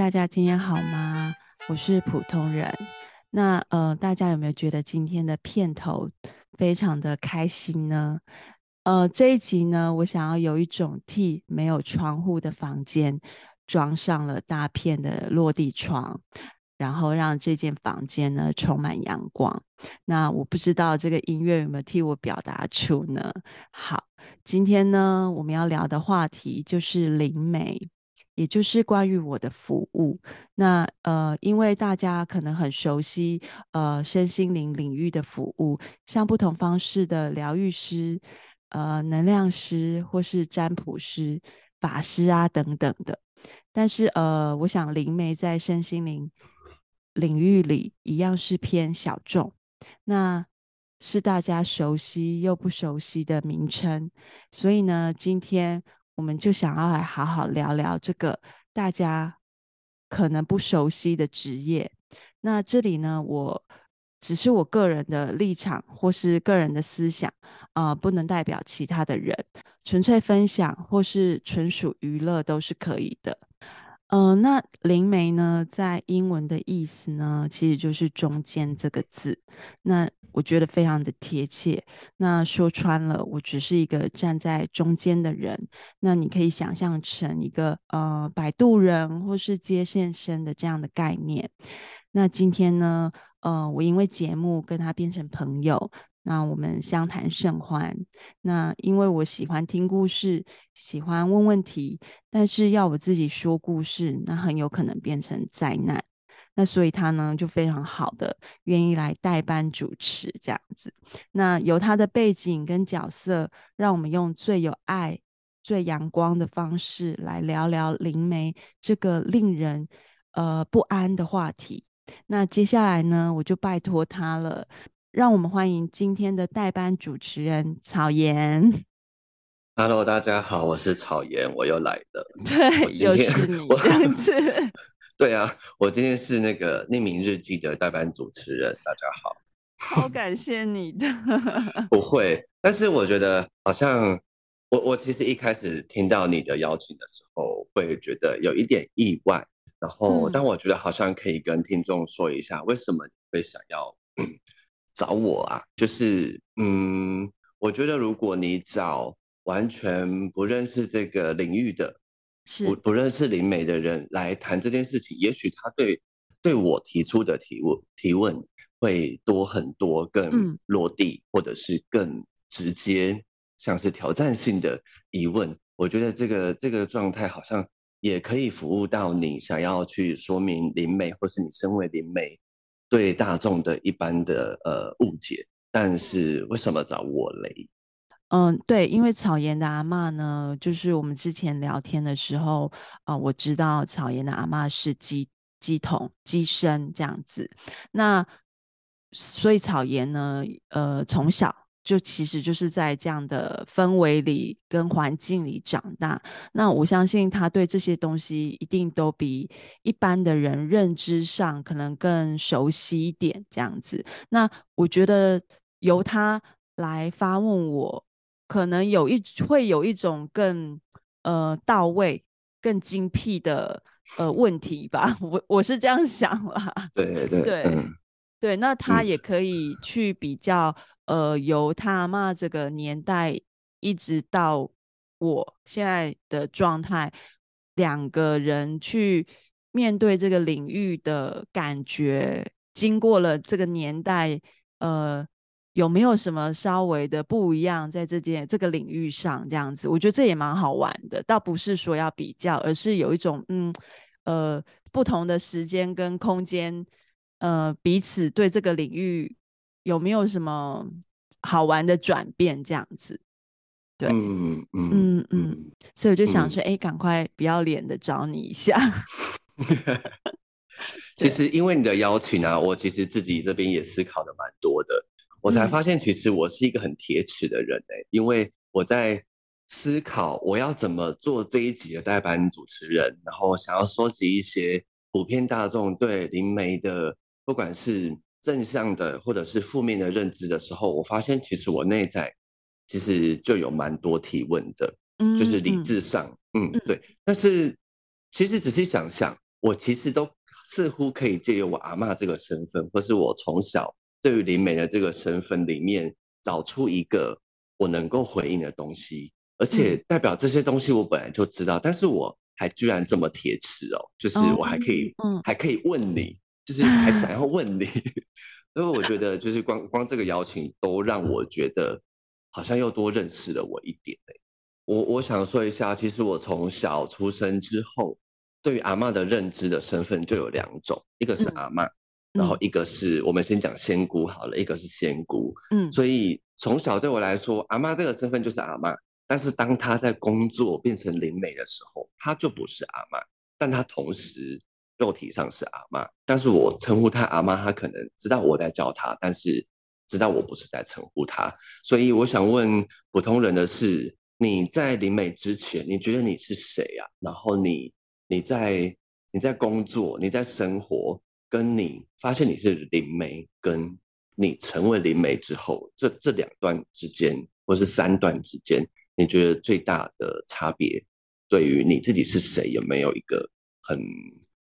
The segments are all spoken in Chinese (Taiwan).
大家今天好嗎？我是普通人。那呃，大家有沒有覺得今天的片頭非常的開心呢？呃，這一集呢，我想要有一種替沒有窗戶的房間裝上了大片的落地窗，然後讓這間房間呢充滿陽光。那我不知道這個音樂有沒有替我表達出呢？好，今天呢，我們要聊的話題就是靈媒。也就是關於我的服務，那呃，因為大家可能很熟悉呃身心靈領域的服務，像不同方式的療癒師、呃能量師或是占卜師、法師啊等等的，但是呃，我想靈媒在身心靈領域裡一樣是偏小眾，那是大家熟悉又不熟悉的名稱，所以呢，今天。我們就想要來好好聊聊這個大家可能不熟悉的職業。那這裡呢，我只是我個人的立場或是個人的思想啊，呃，不能代表其他的人，純粹分享或是純屬娛樂都是可以的。嗯、呃，那靈媒呢，在英文的意思呢，其實就是中間這個字。那我覺得非常的貼切。那說穿了，我只是一個站在中間的人。那你可以想象成一個呃擺渡人或是接線生的這樣的概念。那今天呢，呃，我因為節目跟他變成朋友。那我們相談甚歡。那因為我喜歡聽故事，喜歡問問題，但是要我自己說故事，那很有可能變成災難。那所以他呢，就非常好的願意來代班主持這樣子。那由他的背景跟角色，讓我們用最有愛、最陽光的方式來聊聊靈媒這個令人呃不安的話題。那接下來呢，我就拜託他了。讓我們歡迎今天的代班主持人草顏。Hello，大家好，我是草顏，我又來了。對，我又是你，這樣我 對啊，我今天是那個匿名日記的代班主持人。大家好，好感謝你。 不會，但是我覺得好像我我其實一開始聽到你的邀請的時候，會覺得有一點意外。然後，嗯、但我覺得好像可以跟聽眾說一下，為什麼你會想要。嗯找我啊，就是，嗯，我覺得如果你找完全不認識這個領域的，是不,不認識靈媒的人來談這件事情，也許他對對我提出的提問提問會多很多，更落地、嗯、或者是更直接，像是挑戰性的疑問，我覺得這個這個狀態好像也可以服務到你想要去說明靈媒，或是你身為靈媒。對大眾的一般的呃誤解，但是為什麼找我呢？嗯，對，因為草顏的阿嬤呢，就是我們之前聊天的時候啊、呃，我知道草顏的阿嬤是乩、乩童、乩身這樣子，那所以草顏呢，呃，從小。就其實就是在這樣的氛圍裡、跟環境裡長大，那我相信他對這些東西一定都比一般的人認知上可能更熟悉一點，這樣子。那我覺得由他來發問我，可能有一會有一種更呃到位、更精闢的呃問題吧，我我是這樣想了。對對對， 對。對，那他也可以去比較，嗯、呃，由他媽這個年代一直到我現在的狀態，兩個人去面對這個領域的感覺，經過了這個年代，呃，有沒有什麼稍微的不一樣在這件這個領域上？這樣子，我覺得這也蠻好玩的，倒不是說要比較，而是有一種嗯，呃，不同的時間跟空間。呃，彼此對這個領域有沒有什麼好玩的轉變？這樣子，對，嗯嗯嗯嗯，嗯嗯嗯所以我就想說，哎、嗯，趕、欸、快不要臉的找你一下。 其實因為你的邀請啊， 對我其實自己這邊也思考的蠻多的，我才發現其實我是一個很鐵齒的人、欸嗯、因為我在思考我要怎麼做這一集的代班主持人，然後想要收集一些普遍大眾對靈媒的。不管是正向的或者是負面的認知的時候，我發現其實我內在其實就有蠻多提問的，嗯、就是理智上，嗯，嗯，對。但是其實仔細想想，嗯、我其實都似乎可以借由我阿嬤這個身份，或是我從小對於靈媒的這個身份裡面，找出一個我能夠回應的東西，而且代表這些東西我本來就知道，嗯、但是我還居然這麼鐵齒哦，就是我還可以，嗯嗯、還可以問你。就是還想要問你、uh, 因為我覺得就是光光這個邀請都讓我覺得好像又多認識了我一點、欸、我我想說一下，其實我從小出生之後，對於阿嬤的認知的身份就有兩種，一個是阿嬤，嗯、然後一個是、嗯、我們先講仙姑好了，一個是仙姑。嗯、所以從小對我來說，阿嬤這個身份就是阿嬤，但是當她在工作變成靈媒的時候，她就不是阿嬤，但她同時、嗯。肉體上是阿媽，但是我稱呼她阿媽，她可能知道我在叫她，但是知道我不是在稱呼她。所以我想問普通人的是：你在靈媒之前，你覺得你是誰呀、啊？然後你你在你在工作、你在生活，跟你發現你是靈媒，跟你成為靈媒之後，這這兩段之間，或是三段之間，你覺得最大的差別，對於你自己是誰，有沒有一個很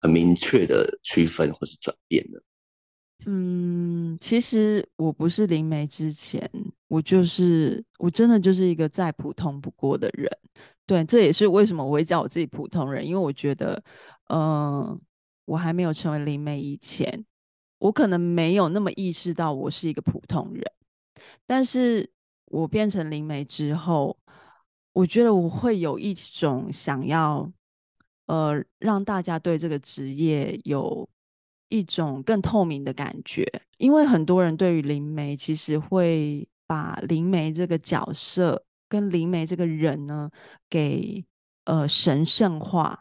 很明確的區分或是轉變呢？嗯，其實我不是靈媒之前，我就是我真的就是一個再普通不過的人。對，這也是為什麼我會叫我自己普通人，因為我覺得，嗯、呃，我還沒有成為靈媒以前，我可能沒有那麼意識到我是一個普通人。但是我變成靈媒之後，我覺得我會有一種想要。呃，讓大家對這個職業有一種更透明的感覺，因為很多人對於靈媒其實會把靈媒這個角色跟靈媒這個人呢給呃神聖化，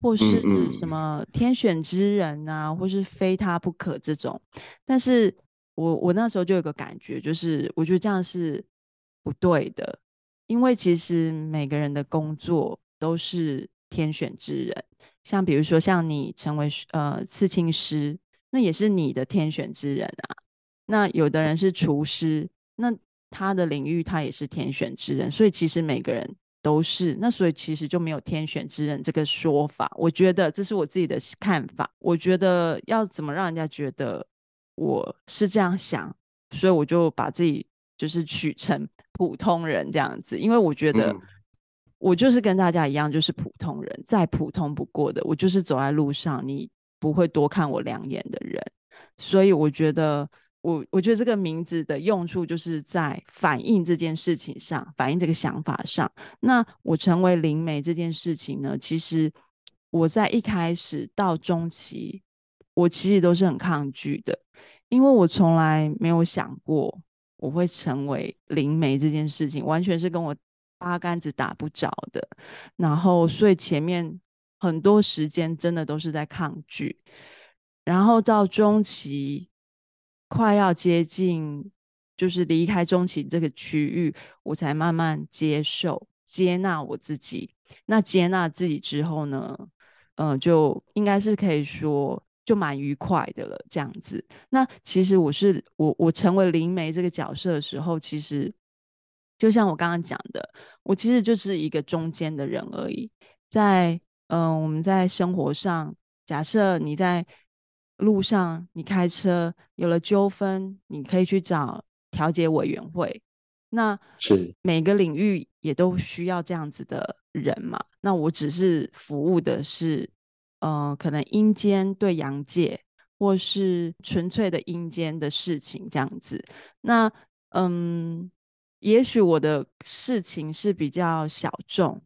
或是，呃，什麼天選之人啊，或是非他不可這種。但是我，我我那時候就有個感覺，就是我覺得這樣是不對的，因為其實每個人的工作都是天選之人，像比如說像你成為呃刺青師，那也是你的天選之人啊。那有的人是廚師，那他的領域他也是天選之人，所以其實每個人都是。那所以其實就沒有天選之人這個說法。我覺得這是我自己的看法。我覺得要怎麼讓人家覺得我是這樣想，所以我就把自己就是取成普通人這樣子，因為我覺得、嗯。我就是跟大家一樣，就是普通人，再普通不過的。我就是走在路上，你不會多看我兩眼的人。所以我覺得，我我覺得這個名字的用處，就是在反映這件事情上，反映這個想法上。那我成為靈媒這件事情呢，其實我在一開始到中期，我其實都是很抗拒的，因為我從來沒有想過我會成為靈媒這件事情，完全是跟我。八竿子打不着的，然後所以前面很多時間真的都是在抗拒，然後到中期快要接近，就是離開中期這個區域，我才慢慢接受接納我自己。那接納自己之後呢，嗯、呃，就應該是可以說就蠻愉快的了，這樣子。那其實我是我我成為靈媒這個角色的時候，其實。就像我剛剛講的，我其實就是一個中間的人而已。在嗯、呃，我們在生活上，假設你在路上你開車有了糾紛，你可以去找調解委員會。那是每個領域也都需要這樣子的人嘛。那我只是服務的是，嗯、呃，可能陰間對陽界，或是純粹的陰間的事情這樣子。那嗯。也許我的事情是比較小眾，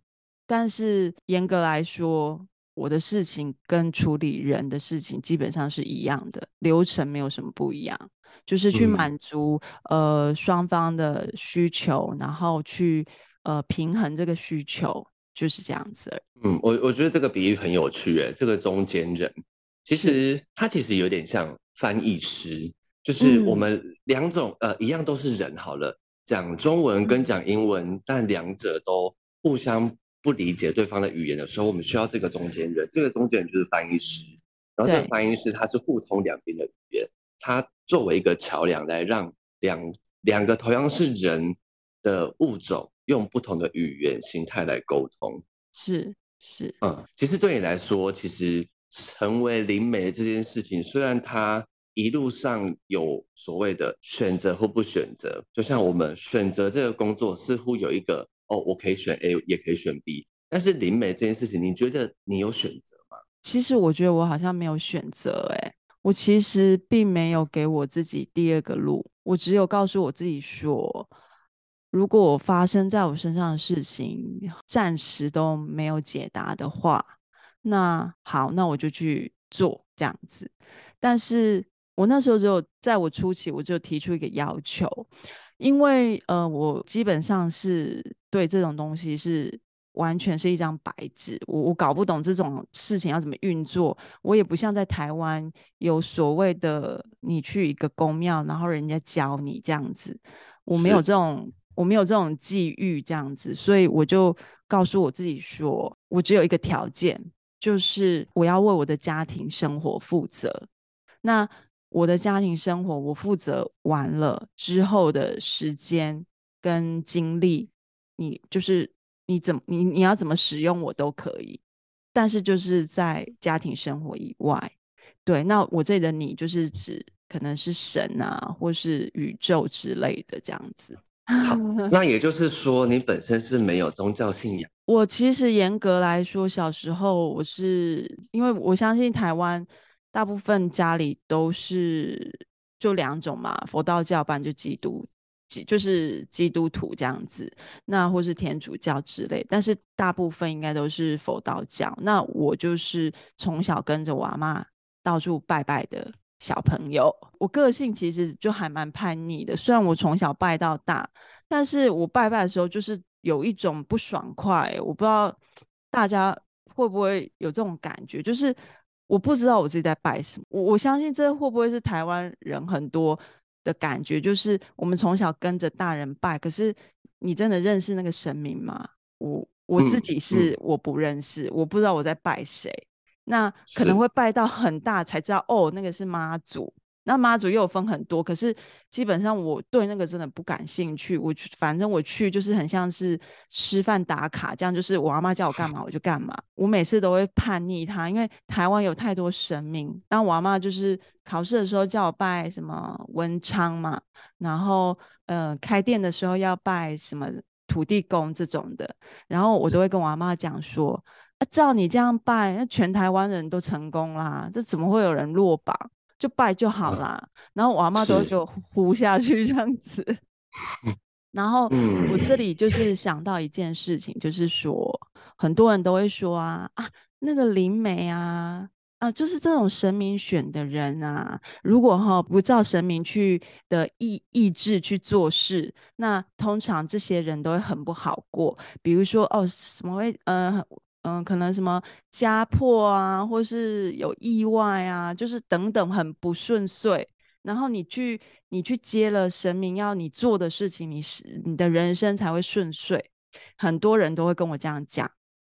但是嚴格來說，我的事情跟處理人的事情基本上是一樣的，流程沒有什麼不一樣，就是去滿足、嗯、呃，雙方的需求，然後去呃，平衡這個需求，就是這樣子。嗯，我我覺得這個比喻很有趣誒，這個中間人其實是他其實有點像翻譯師，就是我們兩種、嗯、呃一樣都是人好了。講中文跟講英文，嗯、但兩者都互相不理解對方的語言的時候，我們需要這個中間人。這個中間人就是翻譯師，然後這個翻譯師他是互通兩邊的語言，對他作為一個橋梁來讓兩兩個同樣是人的物種用不同的語言形態來溝通。是是，是嗯，其實對你來說，其實成為靈媒這件事情，雖然它。一路上有所謂的選擇或不選擇，就像我們選擇這個工作，似乎有一個哦，我可以選 A，也可以選 B。但是靈媒這件事情，你覺得你有選擇嗎？其實我覺得我好像沒有選擇，哎，我其實並沒有給我自己第二個路，我只有告訴我自己說，如果發生在我身上的事情暫時都沒有解答的話，那好，那我就去做這樣子，但是。我那時候只有在我初期，我就提出一個要求，因為呃，我基本上是對這種東西是完全是一張白紙，我我搞不懂這種事情要怎麼運作，我也不像在台灣有所謂的你去一個宮廟，然後人家教你這樣子，我沒有這種是我沒有這種際遇這樣子，所以我就告訴我自己說，我只有一個條件，就是我要為我的家庭生活負責，那。我的家庭生活，我負責完了之後的時間跟精力，你就是你怎麼你你要怎麼使用我都可以，但是就是在家庭生活以外，對，那我這裡的你就是指可能是神啊，或是宇宙之類的這樣子。好，那也就是說你本身是沒有宗教信仰？ 我其實嚴格來說，小時候我是因為我相信台灣。大部分家裡都是就兩種嘛，佛道教不然就基督，就是基督徒這樣子，那或是天主教之類。但是大部分應該都是佛道教。那我就是從小跟着我阿媽到處拜拜的小朋友。我個性其實就還蠻叛逆的，雖然我從小拜到大，但是我拜拜的時候就是有一種不爽快、欸。我不知道大家會不會有這種感覺，就是。我不知道我自己在拜什麼，我我相信這會不會是台灣人很多的感覺，就是我們從小跟着大人拜，可是你真的認識那個神明嗎？我我自己是我不認識，嗯嗯、我不知道我在拜誰，那可能會拜到很大才知道，是哦，那個是媽祖。那媽祖又分很多，可是基本上我對那個真的不感興趣。我反正我去就是很像是吃飯打卡這樣，就是我阿媽叫我幹嘛我就幹嘛。我每次都會叛逆她，因為台灣有太多神明。但我阿媽就是考試的時候叫我拜什麼文昌嘛，然後呃開店的時候要拜什麼土地公這種的，然後我都會跟我阿媽講說，啊，照你這樣拜，那全台灣人都成功啦，這怎麼會有人落榜？就拜就好啦，啊、然後我阿嬤都會給我呼下去這樣子。是 然後我這裡就是想到一件事情，就是說很多人都會說啊啊，那個靈媒啊啊，就是這種神明選的人啊，如果哈、哦、不照神明去的意意志去做事，那通常這些人都會很不好過。比如說哦，什麼會嗯？呃嗯，可能什麼家破啊，或是有意外啊，就是等等很不順遂。然後你去，你去接了神明要你做的事情你，你是你的人生才會順遂。很多人都會跟我這樣講，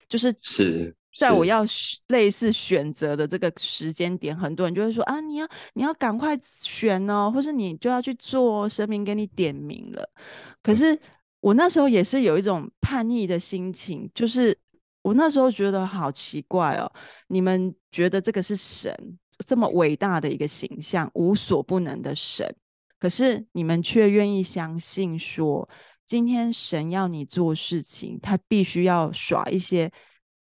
就是是在我要類似選擇的這個時間點，很多人就會說啊，你要你要趕快選哦，或是你就要去做神明給你點名了。可是我那時候也是有一種叛逆的心情，就是。我那時候覺得好奇怪哦，你們覺得這個是神這麼偉大的一個形象，無所不能的神，可是你們卻願意相信說，今天神要你做事情，他必須要耍一些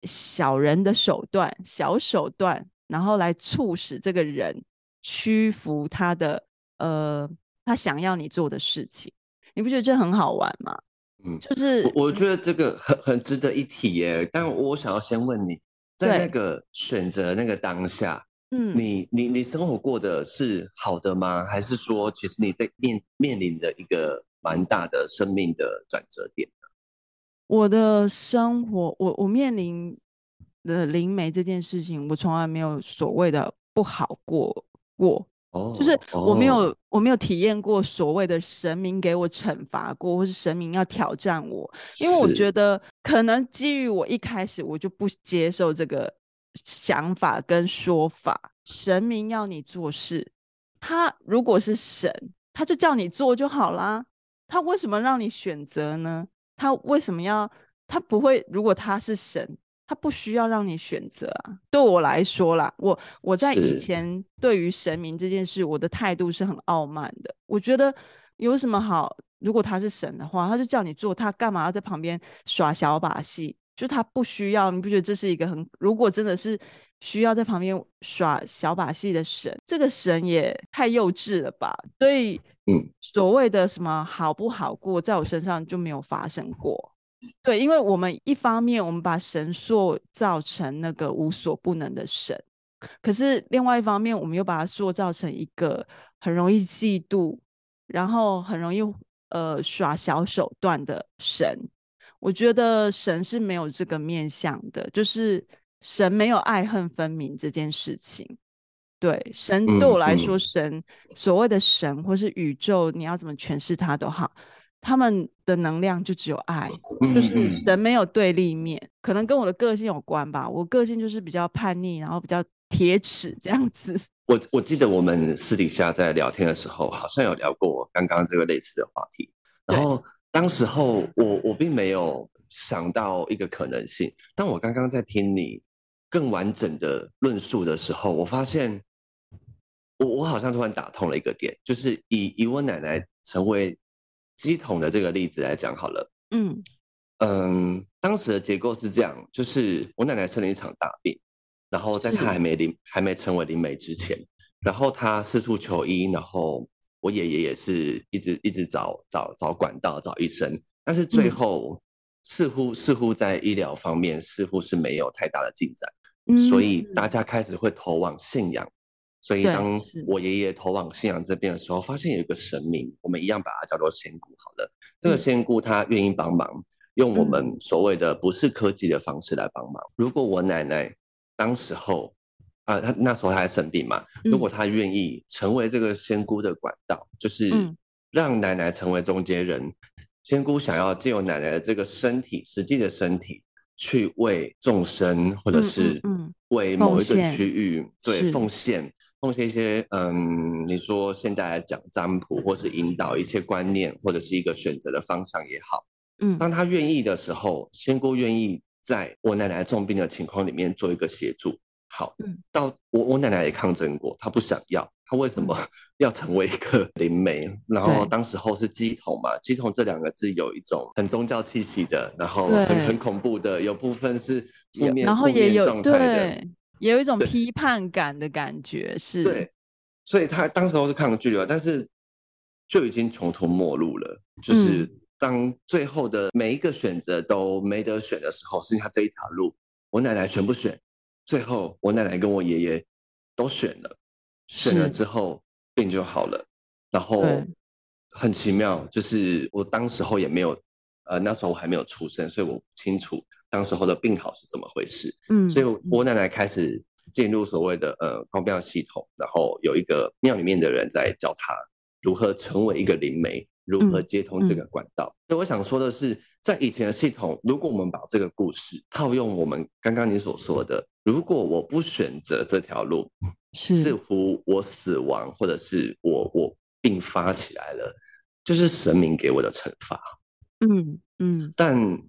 小人的手段、小手段，然後來促使這個人屈服他的呃，他想要你做的事情，你不覺得這很好玩嗎？嗯，就是我，我覺得這個很很值得一提耶，欸，嗯、但我想要先問你，在那個選擇那個當下，對你嗯，你你你生活過的是好的嗎？還是說，其實你在面面臨的一個蠻大的生命的轉折點呢？我的生活，我我面臨的靈媒這件事情，我從來沒有所謂的不好過過。哦，就是我沒有，oh, oh. 我沒有體驗過所謂的神明給我懲罰過，或是神明要挑戰我，因為我覺得可能基於我一開始我就不接受這個想法跟說法，神明要你做事，他如果是神，他就叫你做就好啦，他為什麼讓你選擇呢？他為什麼要？他不會，如果他是神。他不需要讓你選擇啊！對我來說啦，我我在以前對於神明這件事，我的態度是很傲慢的。我覺得有什麼好？如果他是神的話，他就叫你做，他幹嘛要在旁邊耍小把戲？就他不需要，你不覺得這是一個很……如果真的是需要在旁邊耍小把戲的神，這個神也太幼稚了吧？所以，所謂的什麼好不好過，在我身上就沒有發生過。對，因為我們一方面我們把神塑造成那個無所不能的神，可是另外一方面我們又把它塑造成一個很容易嫉妒，然後很容易呃耍小手段的神。我覺得神是沒有這個面向的，就是神沒有愛恨分明這件事情。對，神對我來說，神所謂的神或是宇宙，你要怎麼詮釋它都好。他們的能量就只有愛，就是神沒有對立面，嗯嗯，可能跟我的個性有關吧。我個性就是比較叛逆，然後比較鐵齒這樣子。我我記得我們私底下在聊天的時候，好像有聊過我剛剛這個類似的話題。然後當時候我我並沒有想到一個可能性，但我剛剛在聽你更完整的論述的時候，我發現我我好像突然打通了一個點，就是以以我奶奶成為。乩童的這個例子來講好了，嗯嗯，當時的結構是這樣，就是我奶奶生了一場大病，然後在她還沒靈是還沒成為靈媒之前，然後她四處求醫，然後我爺爺也是一直一直找找找管道找醫生，但是最後，嗯、似乎似乎在醫療方面似乎是沒有太大的進展，嗯、所以大家開始會投往信仰。所以，當我爺爺投往信仰這邊的時候，發現有一個神明，我們一樣把它叫做仙姑好了。嗯、這個仙姑她願意幫忙，用我們所謂的不是科技的方式來幫忙。嗯、如果我奶奶當時候啊，她那時候她還生病嘛，嗯、如果她願意成為這個仙姑的管道，就是讓奶奶成為中間人，嗯、仙姑想要借由奶奶的這個身體，實際的身體去為眾生或者是為某一個區域、嗯嗯嗯、奉獻、對、奉獻。奉獻一些，嗯，你說現在來講占卜，或是引導一些觀念，或者是一個選擇的方向也好，嗯，當他願意的時候，仙姑願意在我奶奶重病的情況裡面做一個協助，好，嗯，到我我奶奶也抗爭過，她不想要，她為什麼要成為一個靈媒？然後當時候是乩童嘛，乩童對這兩個字有一種很宗教氣息的，然後很對很恐怖的，有部分是負面負面狀態的。對也有一種批判感的感覺，對，是對，所以他當時都是抗拒的，但是就已經窮途末路了。嗯、就是當最後的每一個選擇都沒得選的時候，剩下這一條路，我奶奶選不選？最後我奶奶跟我爺爺都選了，選了之後病就好了，是然後很奇妙，就是我當時候也沒有，呃，那時候我還沒有出生，所以我不清楚。當時候的病好是怎麼回事，嗯？嗯，所以我奶奶開始進入所謂的呃公廟系統，然後有一個廟裡面的人在教她如何成為一個靈媒，如何接通這個管道，嗯嗯嗯嗯。所以我想說的是，在以前的系統，如果我們把這個故事套用我們剛剛你所說的，如果我不選擇這條路，似是乎我死亡或者是我我病發起來了，就是神明給我的懲罰，嗯。嗯嗯，但。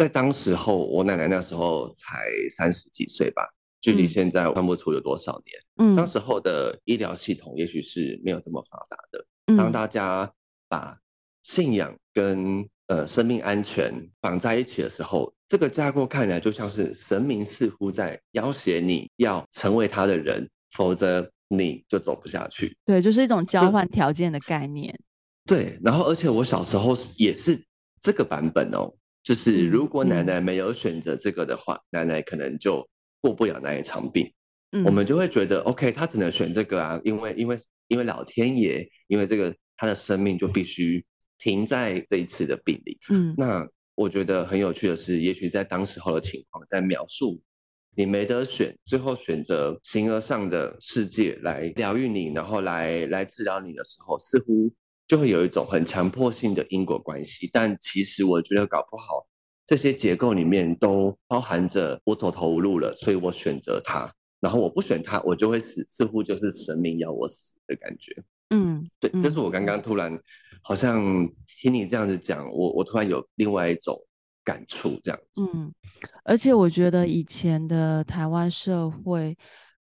在當時候，我奶奶那時候才三十幾歲吧，距離現在我看不出有多少年。嗯，當時候的醫療系統也許是沒有這麼發達的。嗯，當大家把信仰跟呃生命安全綁在一起的時候，這個架構看起來就像是神明似乎在要挾你要成為他的人，否則你就走不下去。對，就是一種交換條件的概念對。對，然後而且我小時候也是這個版本哦。就是如果奶奶沒有選擇這個的話，嗯嗯、奶奶可能就過不了那一場病。嗯、我們就會覺得，OK，她只能選這個啊，因為因為因為老天爺，因為這個她的生命就必須停在這一次的病裡。嗯，那我覺得很有趣的是，也許在當時候的情況，在描述你沒得選，最後選擇形而上的世界來療癒你，然後來來治療你的時候，似乎。就會有一種很強迫性的因果關係，但其實我覺得搞不好這些結構裡面都包含着我走投無路了，所以我選擇他，然後我不選他，我就會死，似乎就是神明要我死的感覺。嗯，對，這是我剛剛突然、嗯、好像聽你這樣子講，我我突然有另外一種感觸，這樣子。嗯，而且我覺得以前的台灣社會。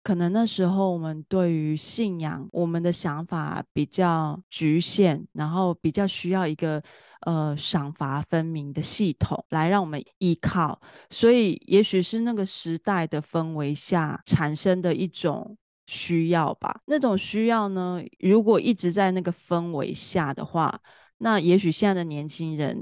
可能那時候我們對於信仰，我們的想法比較侷限，然後比較需要一個呃賞罰分明的系統來讓我們依靠，所以也許是那個時代的氛圍下產生的一種需要吧。那種需要呢，如果一直在那個氛圍下的話，那也許現在的年輕人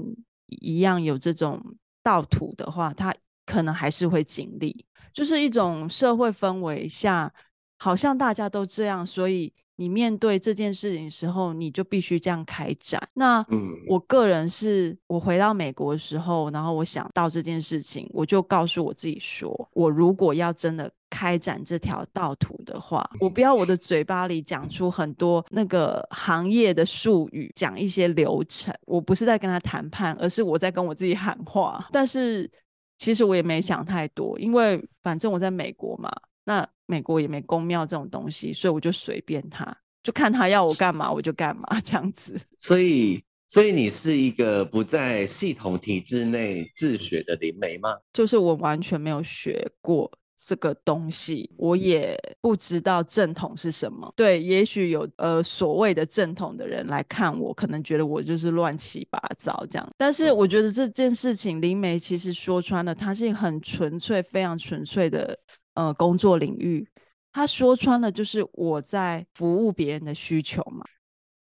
一樣有這種道途的話，他可能還是會經歷。就是一種社會氛圍下，好像大家都這樣，所以你面對這件事情的時候，你就必須這樣開展。那，我個人是我回到美國的時候，然後我想到這件事情，我就告訴我自己說，我如果要真的開展這條道途的話，我不要我的嘴巴裡講出很多那個行業的術語，講一些流程，我不是在跟他談判，而是我在跟我自己喊話。但是。其實我也沒想太多，因為反正我在美國嘛，那美國也沒宮廟這種東西，所以我就隨便他，就看他要我幹嘛我就幹嘛這樣子。所以，所以你是一個不在系統體制內自學的靈媒嗎？就是我完全沒有學過。這個東西我也不知道正統是什麼，對，也許有呃所謂的正統的人來看我，可能覺得我就是亂七八糟這樣。但是我覺得這件事情，靈媒其實說穿了，它是一個很純粹、非常純粹的呃工作領域。他說穿了，就是我在服務別人的需求嘛，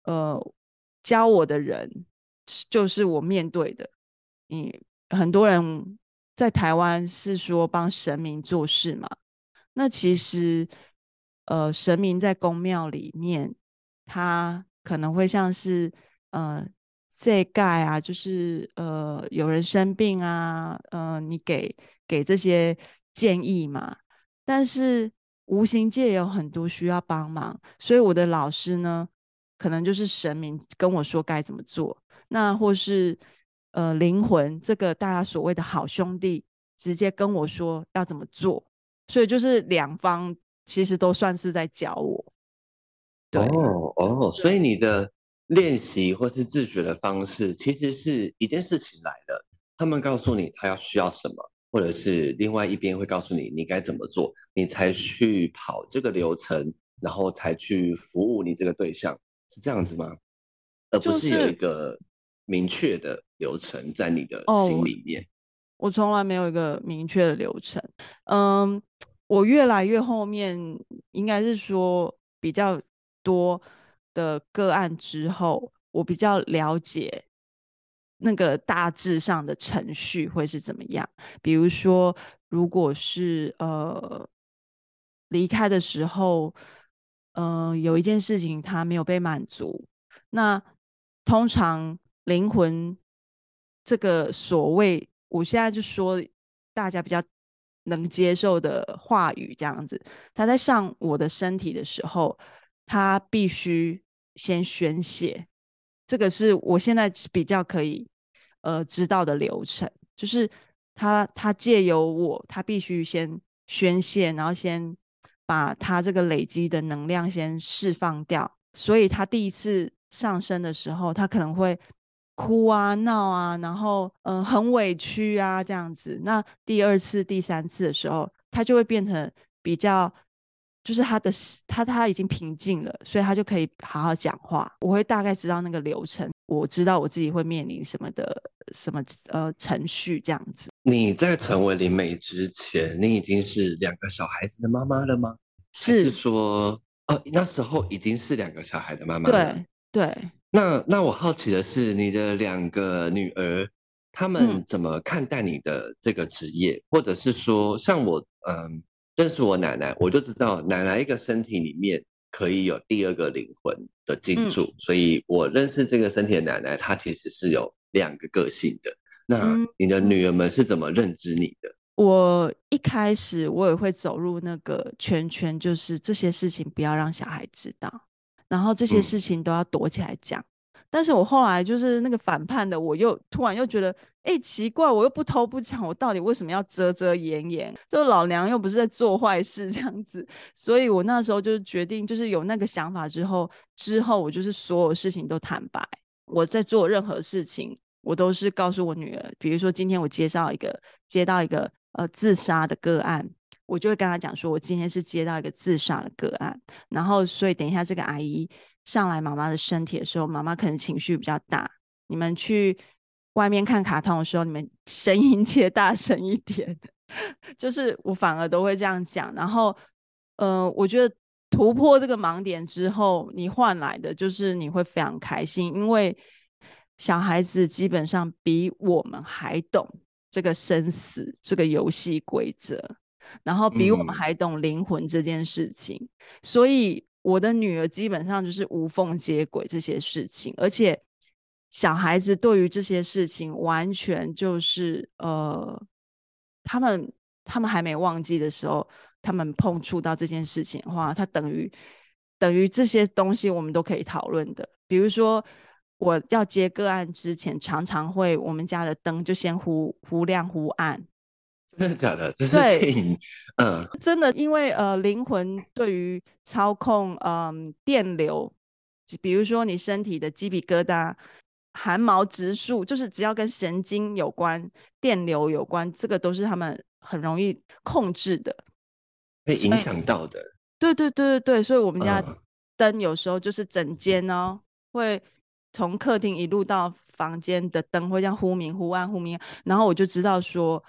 呃，教我的人就是我面對的、嗯，你很多人。在台灣是說幫神明做事嘛。那其實，呃，神明在宮廟裡面，他可能會像是，呃，祭改啊，就是呃，有人生病啊，呃，你給給這些建議嘛。但是無形界有很多需要幫忙，所以我的老師呢，可能就是神明跟我說該怎麼做，那或是。呃，靈魂這個大家所謂的好兄弟，直接跟我說要怎麼做，所以就是兩方其實都算是在教我。對，哦、哦、哦，對，所以你的練習或是自學的方式，其實是一件事情來的。他們告訴你他要需要什麼，或者是另外一邊會告訴你你該怎麼做，你才去跑這個流程，然後才去服務你這個對象，是這樣子嗎？而不是有一個明確的。就是流程在你的心裡面，oh, 我從來沒有一個明確的流程。嗯、um，我越來越後面，應該是說比較多的個案之後，我比較了解那個大致上的程序會是怎麼樣。比如說，如果是呃離開的時候，嗯、呃，有一件事情他沒有被滿足，那通常靈魂。這個所謂，我現在就說大家比較能接受的話語，這樣子，他在上我的身體的時候，他必須先宣洩，這個是我現在比較可以呃知道的流程，就是他他借由我，他必須先宣洩，然後先把他這個累積的能量先釋放掉，所以他第一次上身的時候，他可能會。哭啊、鬧啊，然後嗯，很委屈啊這樣子。那第二次、第三次的時候，他就會變成比較，就是他的他他已經平靜了，所以他就可以好好講話。我會大概知道那個流程，我知道我自己會面臨什麼的什麼呃程序這樣子。你在成為靈媒之前，你已經是兩個小孩子的媽媽了嗎？是，是說呃、哦，那時候已經是兩個小孩的媽媽了。對對。對那那我好奇的是，你的兩個女兒她們怎麼看待你的這個職業？嗯、或者是說，像我嗯認識我奶奶，我就知道奶奶一個身體裡面可以有第二個靈魂的進駐，嗯、所以我認識這個身體的奶奶，她其實是有兩個個性的。那你的女兒們是怎麼認知你的？我一開始我也會走入那個圈圈，就是這些事情不要讓小孩知道。然後這些事情都要躲起來講，嗯、但是我後來就是那個反叛的，我又突然又覺得，哎、欸，奇怪，我又不偷不搶，我到底為什麼要遮遮掩掩？就老娘又不是在做壞事這樣子，所以我那時候就決定，就是有那個想法之後，之後我就是所有事情都坦白。我在做任何事情，我都是告訴我女兒，比如說今天我介紹一個，接到一個呃自殺的個案。我就會跟他講說，我今天是接到一個自殺的個案，然後所以等一下這個阿姨上來媽媽的身體的時候，媽媽可能情緒比較大，你們去外面看卡通的時候，你們聲音切大聲一點， 就是我反而都會這樣講。然後，嗯、呃，我覺得突破這個盲點之後，你換來的就是你會非常開心，因為小孩子基本上比我們還懂這個生死這個遊戲規則。然後比我們還懂靈魂這件事情，嗯、所以我的女兒基本上就是無縫接軌這些事情，而且小孩子對於這些事情完全就是呃，他們他們還沒忘記的時候，他們碰觸到這件事情的話，他等於等於這些東西我們都可以討論的，比如說我要接個案之前，常常會我們家的燈就先忽忽亮忽暗。真的假的？這是電影，對嗯，真的，因為呃，靈魂對於操控，嗯，電流，比如說你身體的雞皮疙瘩、汗毛直豎，就是只要跟神經有關、電流有關，這個都是他們很容易控制的，會影響到的。對對對對對，所以我們家燈有時候就是整間哦，嗯、會從客廳一路到房間的燈會這樣忽明忽暗、忽明，然後我就知道說。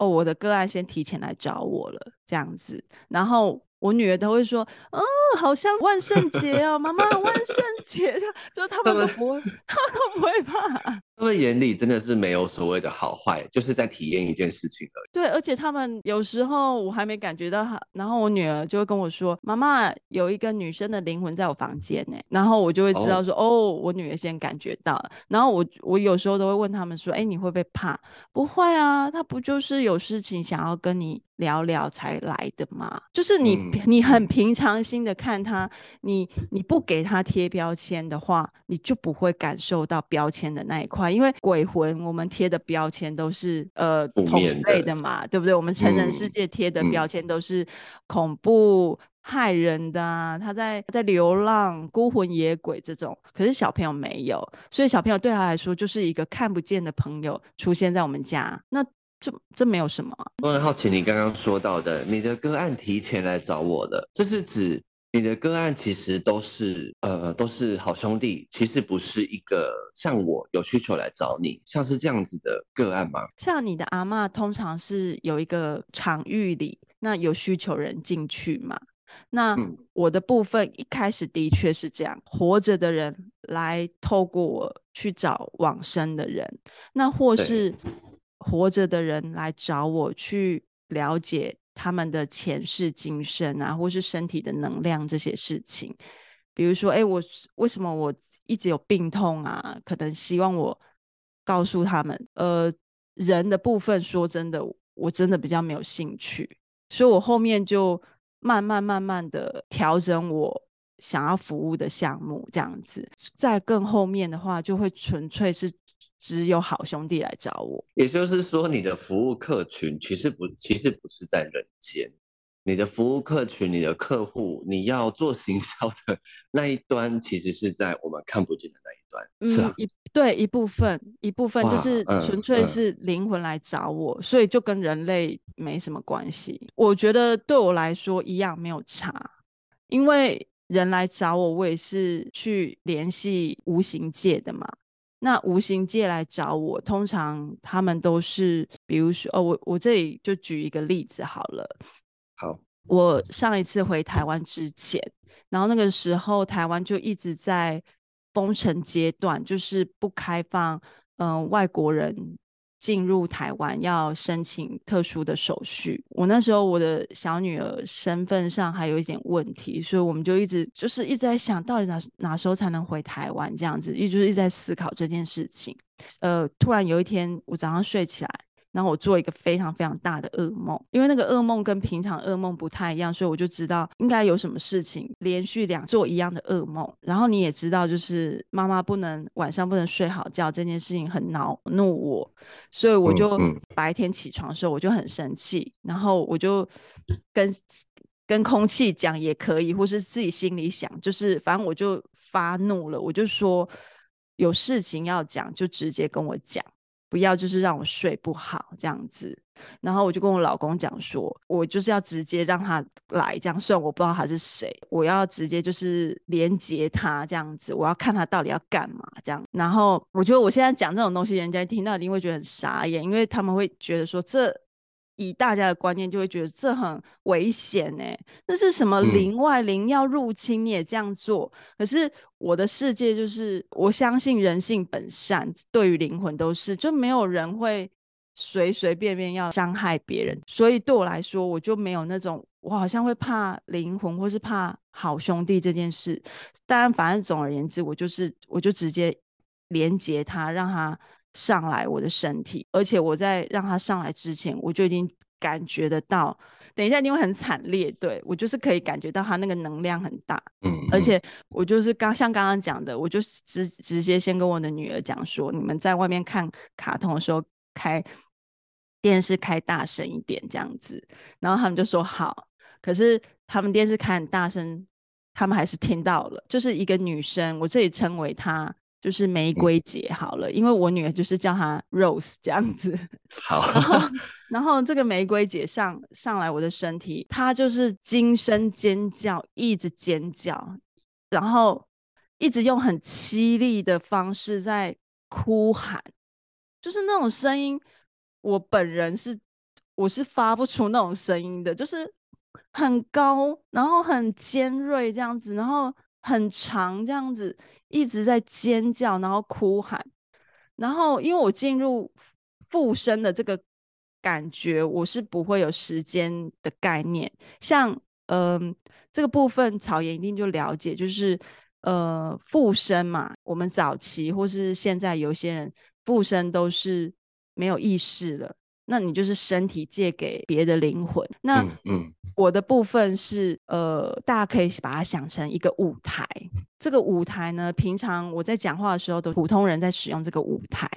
哦，我的個案先提前來找我了，這樣子，然後。我女兒都會說，嗯、哦，好像萬聖節哦，媽媽， 萬聖節，就他們都不會，他們他都不會怕，他們眼裡真的是沒有所謂的好壞，就是在體驗一件事情而已。對，而且他們有時候我還沒感覺到好，然後我女兒就會跟我說，媽媽有一個女生的靈魂在我房間呢，然後我就會知道說，oh. 哦，我女兒先感覺到了，然後我我有時候都會問他們說，哎、欸，你會不會怕？不會啊，她不就是有事情想要跟你。聊聊才來的嘛，就是你你很平常心的看他，嗯、你你不給他貼標籤的話，你就不會感受到標籤的那一塊。因為鬼魂我們貼的標籤都是呃同類的嘛，對不對？我們成人世界貼的標籤都是恐怖、嗯嗯、害人的、啊，他在他在流浪孤魂野鬼這種，可是小朋友沒有，所以小朋友對他來說就是一個看不見的朋友出現在我們家，那。這這沒有什麼啊。我很好奇，你剛剛說到的，你的個案提前來找我的，這是指你的個案其實都是呃都是好兄弟，其實不是一個像我有需求來找你，像是這樣子的個案嗎？像你的阿嬤，通常是有一個場域裡，那有需求人進去嘛？那我的部分一開始的確是這樣，嗯、活着的人來透過我去找往生的人，那或是。活着的人來找我去了解他們的前世今生啊，或是身體的能量這些事情。比如說，誒，我為什麼我一直有病痛啊？可能希望我告訴他們，呃，人的部分，說真的，我真的比較沒有興趣，所以我後面就慢慢慢慢地調整我想要服務的項目，這樣子。在更後面的話，就會純粹是。只有好兄弟來找我，也就是說，你的服務客群其實不，其實不是在人間。你的服務客群，你的客戶，你要做行銷的那一端，其實是在我們看不見的那一端。是嗯，一，對，一部分，一部分就是純粹是靈魂來找我，嗯嗯、所以就跟人類沒什麼關係。我覺得對我來說一樣沒有差，因為人來找我，我也是去聯繫無形界的嘛。那無形界來找我，通常他們都是，比如說，哦，我我這裡就舉一個例子好了。好，我上一次回台灣之前，然後那個時候台灣就一直在封城階段，就是不開放，嗯、呃，外國人。進入台灣要申請特殊的手續。我那時候我的小女兒身份上還有一點問題，所以我們就一直就是一直在想，到底哪哪時候才能回台灣這樣子，一直就是一直在思考這件事情。呃，突然有一天我早上睡起來。然後我做一個非常非常大的噩夢，因為那個噩夢跟平常噩夢不太一樣，所以我就知道應該有什麼事情連續兩做一樣的噩夢。然後你也知道，就是媽媽不能晚上不能睡好覺這件事情很惱怒我，所以我就白天起床的時候我就很生氣，然後我就跟跟空氣講也可以，或是自己心裡想，就是反正我就發怒了，我就說有事情要講就直接跟我講。不要，就是讓我睡不好這樣子，然後我就跟我老公講說，我就是要直接讓他來這樣，雖然我不知道他是誰，我要直接就是連接他這樣子，我要看他到底要幹嘛這樣。然後我覺得我現在講這種東西，人家聽到一定會覺得很傻眼，因為他們會覺得說這。以大家的觀念，就會覺得這很危險呢、欸，那是什麼？靈外靈要入侵，你也這樣做。嗯、可是我的世界就是，我相信人性本善，對於靈魂都是，就沒有人會隨隨便便要傷害別人。所以對我來說，我就沒有那種我好像會怕靈魂，或是怕好兄弟這件事。但反正總而言之，我就是我就直接連接他，讓他。上來我的身體，而且我在讓他上來之前，我就已經感覺得到，等一下你會很慘烈，對，我就是可以感覺到他那個能量很大，嗯， 而且我就是剛像剛剛講的，我就直直接先跟我的女兒講說，你們在外面看卡通的時候，開電視開大聲一點這樣子，然後他們就說好，可是他們電視開很大聲，他們還是聽到了，就是一個女生，我這裡稱為她。就是玫瑰姐好了，嗯、因為我女兒就是叫她 Rose 這樣子。好， 然後這個玫瑰姐上上來我的身體，她就是驚聲尖叫，一直尖叫，然後一直用很淒厲的方式在哭喊，就是那種聲音，我本人是我是發不出那種聲音的，就是很高，然後很尖銳這樣子，然後。很長這樣子，一直在尖叫，然後哭喊，然後因為我進入附身的這個感覺，我是不會有時間的概念。像嗯、呃，這個部分草顏一定就了解，就是呃附身嘛，我們早期或是現在有些人附身都是沒有意識的，那你就是身體借給別的靈魂，那嗯。嗯我的部分是，呃，大家可以把它想成一個舞台。這個舞台呢，平常我在講話的時候，都普通人在使用這個舞台。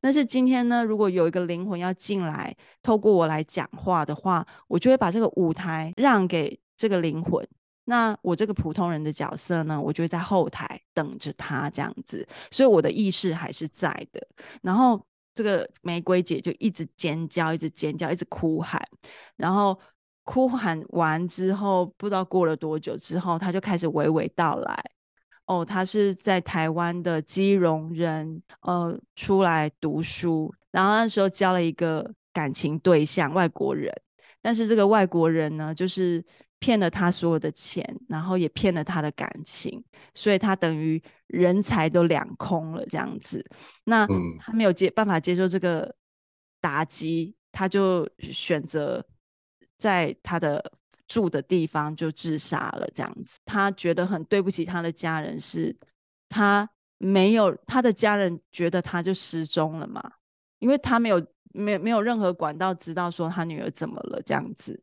但是今天呢，如果有一個靈魂要進來，透過我來講話的話，我就會把這個舞台讓給這個靈魂。那我這個普通人的角色呢，我就會在後台等着他這樣子。所以我的意識還是在的。然後這個玫瑰姐就一直尖叫，一直尖叫，一直哭喊，然後。哭喊完之後，不知道過了多久之後，他就開始娓娓道來。哦，他是在台灣的基隆人，呃，出來讀書，然後那時候交了一個感情對象，外國人。但是這個外國人呢，就是騙了他所有的錢，然後也騙了他的感情，所以他等於人財都兩空了這樣子。那他沒有接辦法接受這個打擊，他就選擇。在他的住的地方就自殺了，這樣子，他覺得很對不起他的家人，是他沒有，他的家人覺得他就失蹤了嘛，因為他沒有沒有沒有任何管道知道說他女兒怎麼了這樣子，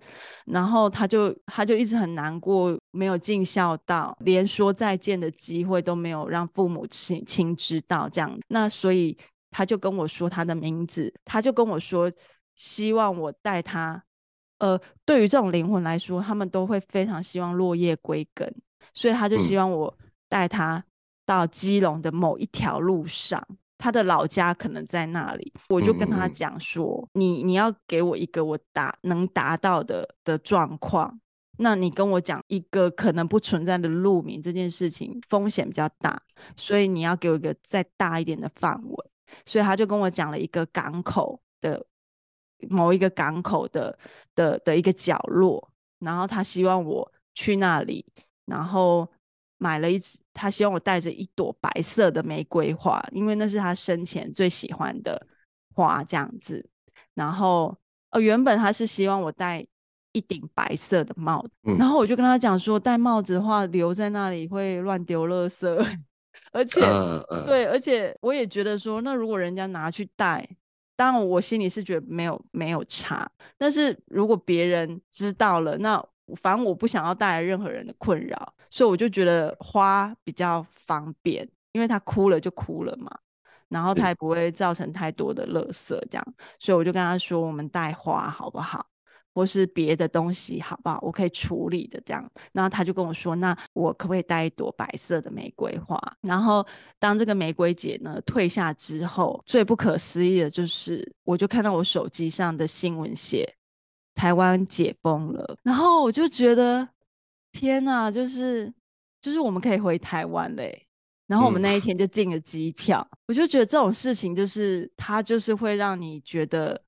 然後他就他就一直很難過，沒有盡孝道，連說再見的機會都沒有，讓父母親親知道這樣，那所以他就跟我說他的名字，他就跟我說希望我帶他。呃，對於這種靈魂來說，他們都會非常希望落葉歸根，所以他就希望我帶他到基隆的某一條路上，嗯、他的老家可能在那裡。我就跟他講說，嗯嗯嗯，你你要給我一個我達能達到的的狀況，那你跟我講一個可能不存在的路名這件事情風險比較大，所以你要給我一個再大一點的範圍。所以他就跟我講了一個港口的。某一個港口的的的一個角落，然後他希望我去那裡，然後買了一支，他希望我帶着一朵白色的玫瑰花，因為那是他生前最喜歡的花這樣子。然後，呃，原本他是希望我戴一頂白色的帽子，嗯、然後我就跟他講說，戴帽子的話留在那裡會亂丟垃圾， 而且，啊啊、對，而且我也覺得說，那如果人家拿去戴。當然，我心裡是覺得沒有沒有差，但是如果別人知道了，那反正我不想要帶來任何人的困擾，所以我就覺得花比較方便，因為他枯了就枯了嘛，然後他也不會造成太多的垃圾，這樣，所以我就跟他說，我們帶花好不好？或是別的東西好不好？我可以處理的這樣。然後他就跟我說：“那我可不可以帶一朵白色的玫瑰花？”然後當這個玫瑰姐呢退下之後，最不可思議的就是，我就看到我手機上的新聞寫台灣解封了。然後我就覺得天哪，啊，就是就是我們可以回台灣嘞，欸。然後我們那一天就訂了機票。嗯。我就覺得這種事情就是它就是會讓你覺得。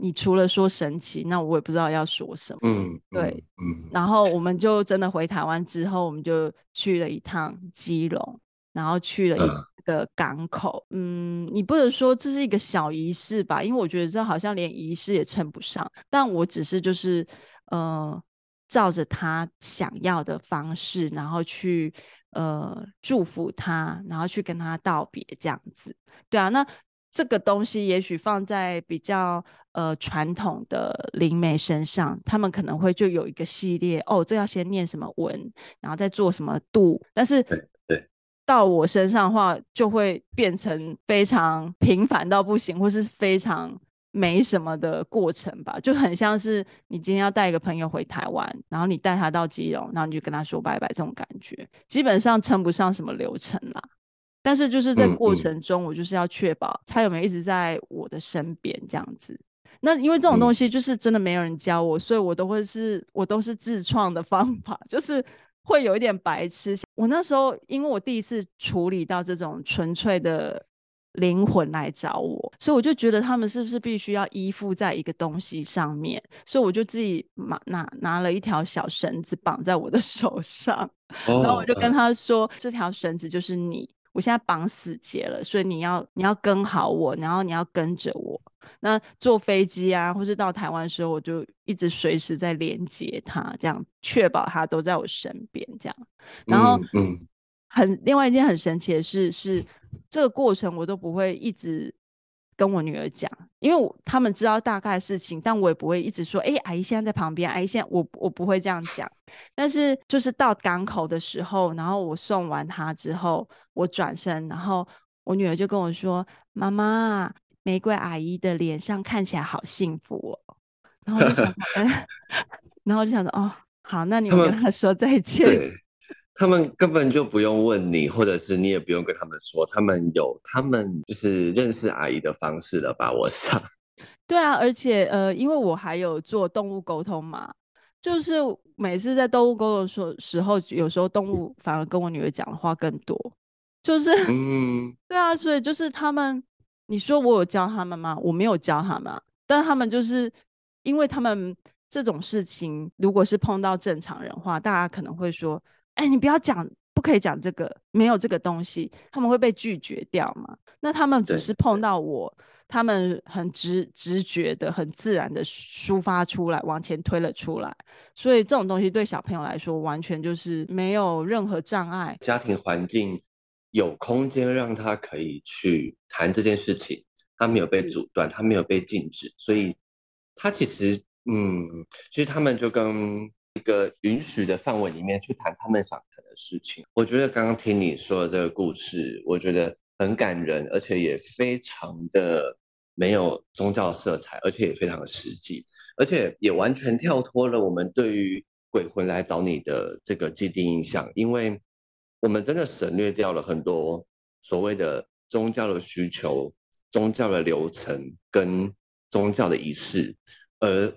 你除了說神奇，那我也不知道要說什麼。嗯，對，嗯，嗯，然後我們就真的回台灣之後，我們就去了一趟基隆，然後去了一個港口。啊、嗯，你不能說這是一個小儀式吧？因為我覺得這好像連儀式也稱不上。但我只是就是，呃，照着他想要的方式，然後去呃祝福他，然後去跟他道別這樣子。對啊，那。這個東西也許放在比較呃傳統的靈媒身上，他們可能會就有一個系列哦，這要先念什麼文，然後再做什麼度。但是到我身上的話，就會變成非常平凡到不行，或是非常沒什麼的過程吧，就很像是你今天要帶一個朋友回台灣，然後你帶他到基隆，然後你就跟他說拜拜，這種感覺基本上稱不上什麼流程啦。但是就是在過程中，我就是要確保他有沒有一直在我的身邊這樣子。那因為這種東西就是真的沒有人教我，所以我都會是我都是自創的方法，就是會有一點白痴。我那時候因為我第一次處理到這種純粹的靈魂來找我，所以我就覺得他們是不是必須要依附在一個東西上面，所以我就自己拿拿拿了一條小繩子綁在我的手上，然後我就跟他說：“這條繩子就是你。”我現在綁死結了，所以你要你要跟好我，然後你要跟着我。那坐飛機啊，或是到台灣的時候，我就一直隨時在連接它，這樣確保它都在我身邊。這樣，然後很，嗯，嗯，很另外一件很神奇的事是，是這個過程我都不會一直。跟我女兒講，因為他們知道大概事情，但我也不會一直說：“哎、欸，阿姨現在在旁邊，阿姨現在我我不會這樣講。”但是就是到港口的時候，然後我送完她之後，我轉身，然後我女兒就跟我說：“媽媽，玫瑰阿姨的臉上看起來好幸福哦。”然後我就想， 然後我就想說：“哦，好，那你們跟她說再見。”對他們根本就不用問你，或者是你也不用跟他們說，他們有他們就是認識阿姨的方式了吧？我想，啊，對啊，而且呃，因為我還有做動物溝通嘛，就是每次在動物溝通的時候，有時候動物反而跟我女兒講的話更多，就是嗯，對啊，所以就是他們，你說我有教他們嗎？我沒有教他們，但他們就是，因為他們這種事情，如果是碰到正常人的話，大家可能會說。哎，欸、你不要講，不可以講這個，沒有這個東西，他們會被拒絕掉嘛？那他們只是碰到我，對 他們很直直覺的、很自然的抒發出來，往前推了出來。所以這種東西對小朋友來說，完全就是沒有任何障礙。家庭環境有空間讓他可以去談這件事情，他沒有被阻斷，是他沒有被禁止，所以他其實，嗯，其實他們就跟。一個允許的範圍裡面去談他們想談的事情。我覺得剛剛聽你說的這個故事，我覺得很感人，而且也非常的沒有宗教色彩，而且也非常的實際，而且也完全跳脫了我們對於鬼魂來找你的這個既定印象，因為我們真的省略掉了很多所謂的宗教的需求、宗教的流程跟宗教的儀式，而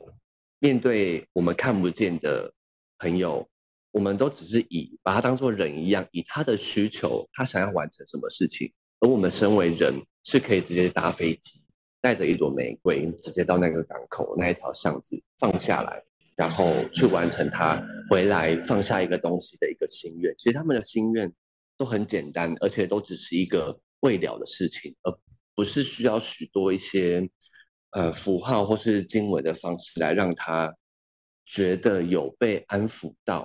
面對我們看不見的朋友，我們都只是以把他當做人一樣，以他的需求，他想要完成什麼事情。而我們身為人是可以直接搭飛機，帶着一朵玫瑰，直接到那個港口，那一條巷子放下來，然後去完成他，回來放下一個東西的一個心願。其實他們的心願都很簡單，而且都只是一個未了的事情，而不是需要許多一些。呃，符號或是經文的方式，來讓他覺得有被安撫到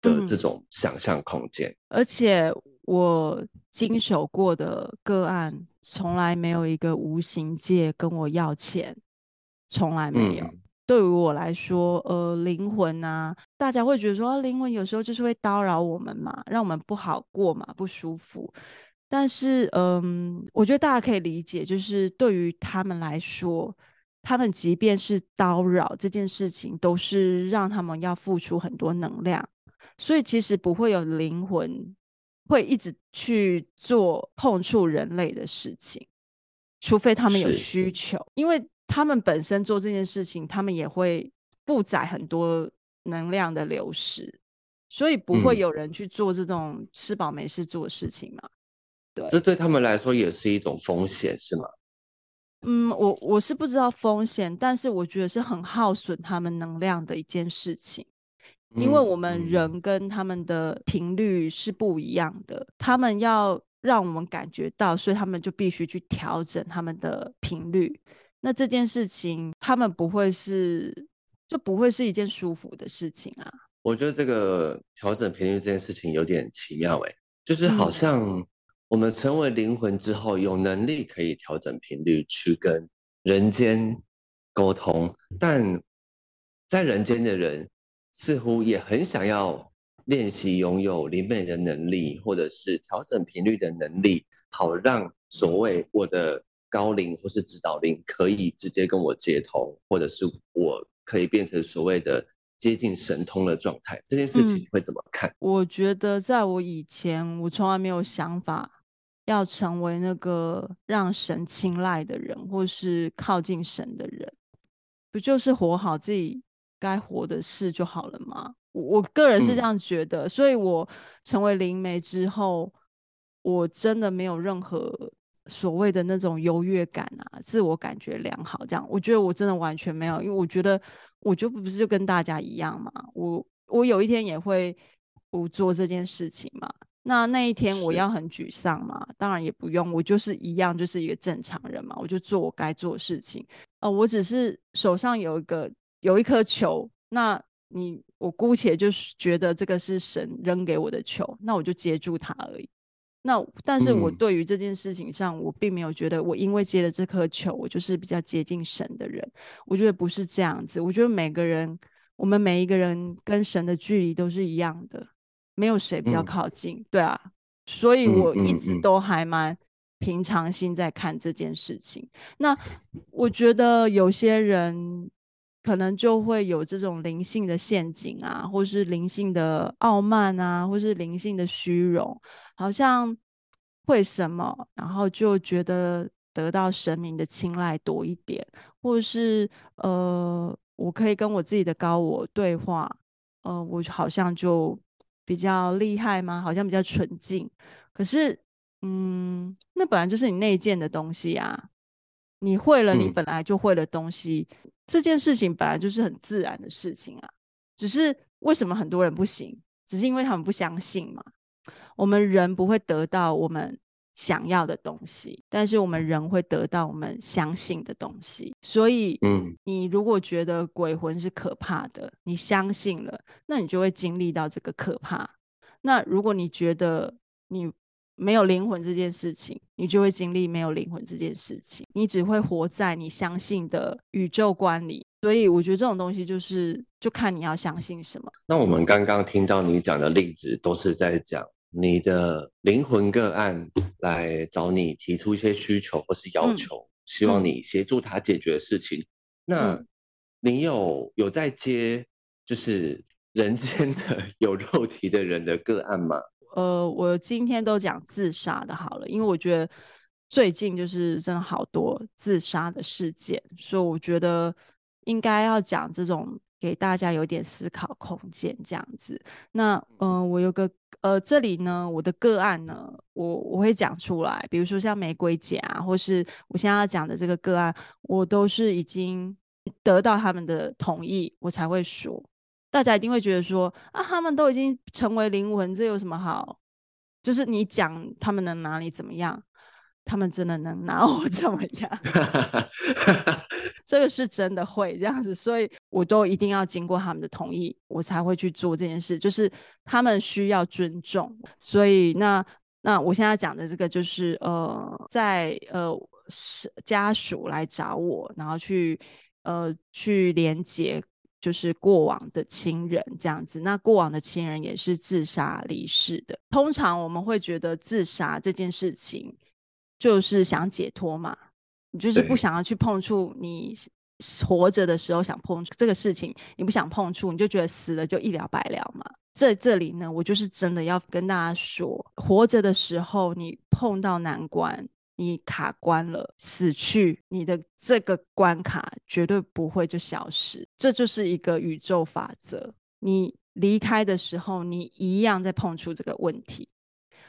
的這種想象空間，嗯。而且我經手過的個案，從來沒有一個無形界跟我要錢，從來沒有。嗯、對於我來說，呃，靈魂啊，大家會覺得說，啊、靈魂有時候就是會叨擾我們嘛，讓我們不好過嘛，不舒服。但是，嗯，我覺得大家可以理解，就是對於他們來說，他們即便是叨擾這件事情，都是讓他們要付出很多能量，所以其實不會有靈魂會一直去做碰觸人類的事情，除非他們有需求，是因為他們本身做這件事情，他們也會不載很多能量的流失，所以不會有人去做這種吃飽沒事做的事情嘛。嗯對，這對他們來說也是一種風險，是嗎？嗯，我我是不知道風險，但是我覺得是很耗損他們能量的一件事情，因為我們人跟他們的頻率是不一樣的，嗯嗯、他們要讓我們感覺到，所以他們就必須去調整他們的頻率。那這件事情，他們不會是就不會是一件舒服的事情啊。我覺得這個調整頻率這件事情有點奇妙，欸，哎，就是好像，嗯。我們成為靈魂之後，有能力可以調整頻率去跟人間溝通，但在人間的人似乎也很想要練習擁有靈媒的能力，或者是調整頻率的能力，好讓所謂我的高靈或是指導靈可以直接跟我接通，或者是我可以變成所謂的接近神通的狀態。這件事情你會怎麼看？嗯，我覺得在我以前，我從來沒有想法。要成為那個讓神青睞的人，或是靠近神的人，不就是活好自己該活的事就好了嗎？我我個人是這樣覺得，嗯，所以，我成為靈媒之後，我真的沒有任何所謂的那種優越感啊，自我感覺良好。這樣，我覺得我真的完全沒有，因為我覺得我就不是就跟大家一樣嘛。我我有一天也會不做這件事情嘛。那那一天我要很沮喪嘛，是當然也不用，我就是一樣，就是一個正常人嘛，我就做我該做的事情。呃，我只是手上有一個有一顆球，那你我姑且就是覺得這個是神扔給我的球，那我就接住它而已。那但是我對於這件事情上，嗯、我並沒有覺得我因為接了這顆球，我就是比較接近神的人。我覺得不是這樣子，我覺得每個人，我們每一個人跟神的距離都是一樣的。沒有誰比較靠近，嗯、對啊，所以我一直都還蠻平常心在看這件事情。嗯嗯嗯、那我覺得有些人可能就會有這種靈性的陷阱啊，或是靈性的傲慢啊，或是靈性的虛榮，好像會什麼，然後就覺得得到神明的青睞多一點，或是呃，我可以跟我自己的高我對話，呃，我好像就。比較厲害嗎？好像比較純淨，可是，嗯，那本來就是你內建的東西啊。你會了，你本來就會的東西，嗯、這件事情本來就是很自然的事情啊。只是為什麼很多人不行？只是因為他們不相信嘛。我們人不會得到我們。想要的東西，但是我們人會得到我們相信的東西，所以，嗯，你如果覺得鬼魂是可怕的，你相信了，那你就會經歷到這個可怕。那如果你覺得你沒有靈魂這件事情，你就會經歷沒有靈魂這件事情，你只會活在你相信的宇宙觀裡。所以，我覺得這種東西就是，就看你要相信什麼。那我們剛剛聽到你講的例子，都是在講。你的靈魂個案來找你，提出一些需求或是要求，嗯、希望你協助他解決的事情。那，你有，嗯、有在接就是人間的有肉體的人的個案嗎？呃，我今天都講自殺的好了，因為我覺得最近就是真的好多自殺的事件，所以我覺得應該要講這種。給大家有點思考空間，這樣子。那，嗯，呃，我有個，呃，這裡呢，我的個案呢，我我會講出來。比如說像玫瑰姐啊，或是我現在要講的這個個案，我都是已經得到他們的同意，我才會說。大家一定會覺得說，啊，他們都已經成為靈魂，這有什麼好？就是你講他們能拿你怎麼樣？他們真的能拿我怎麼樣？ 這個是真的會這樣子，所以我都一定要經過他們的同意，我才會去做這件事。就是他們需要尊重，所以那那我現在講的這個就是呃，在呃是家屬來找我，然後去呃去連接，就是過往的親人這樣子。那過往的親人也是自殺離世的。通常我們會覺得自殺這件事情，就是想解脫嘛，你就是不想要去碰觸你活着的時候想碰觸這個事情，你不想碰觸，你就覺得死了就一了百了嘛。在這裡呢，我就是真的要跟大家說，活着的時候你碰到難關，你卡關了，死去，你的這個關卡絕對不會就消失，這就是一個宇宙法則。你離開的時候，你一樣在碰觸這個問題。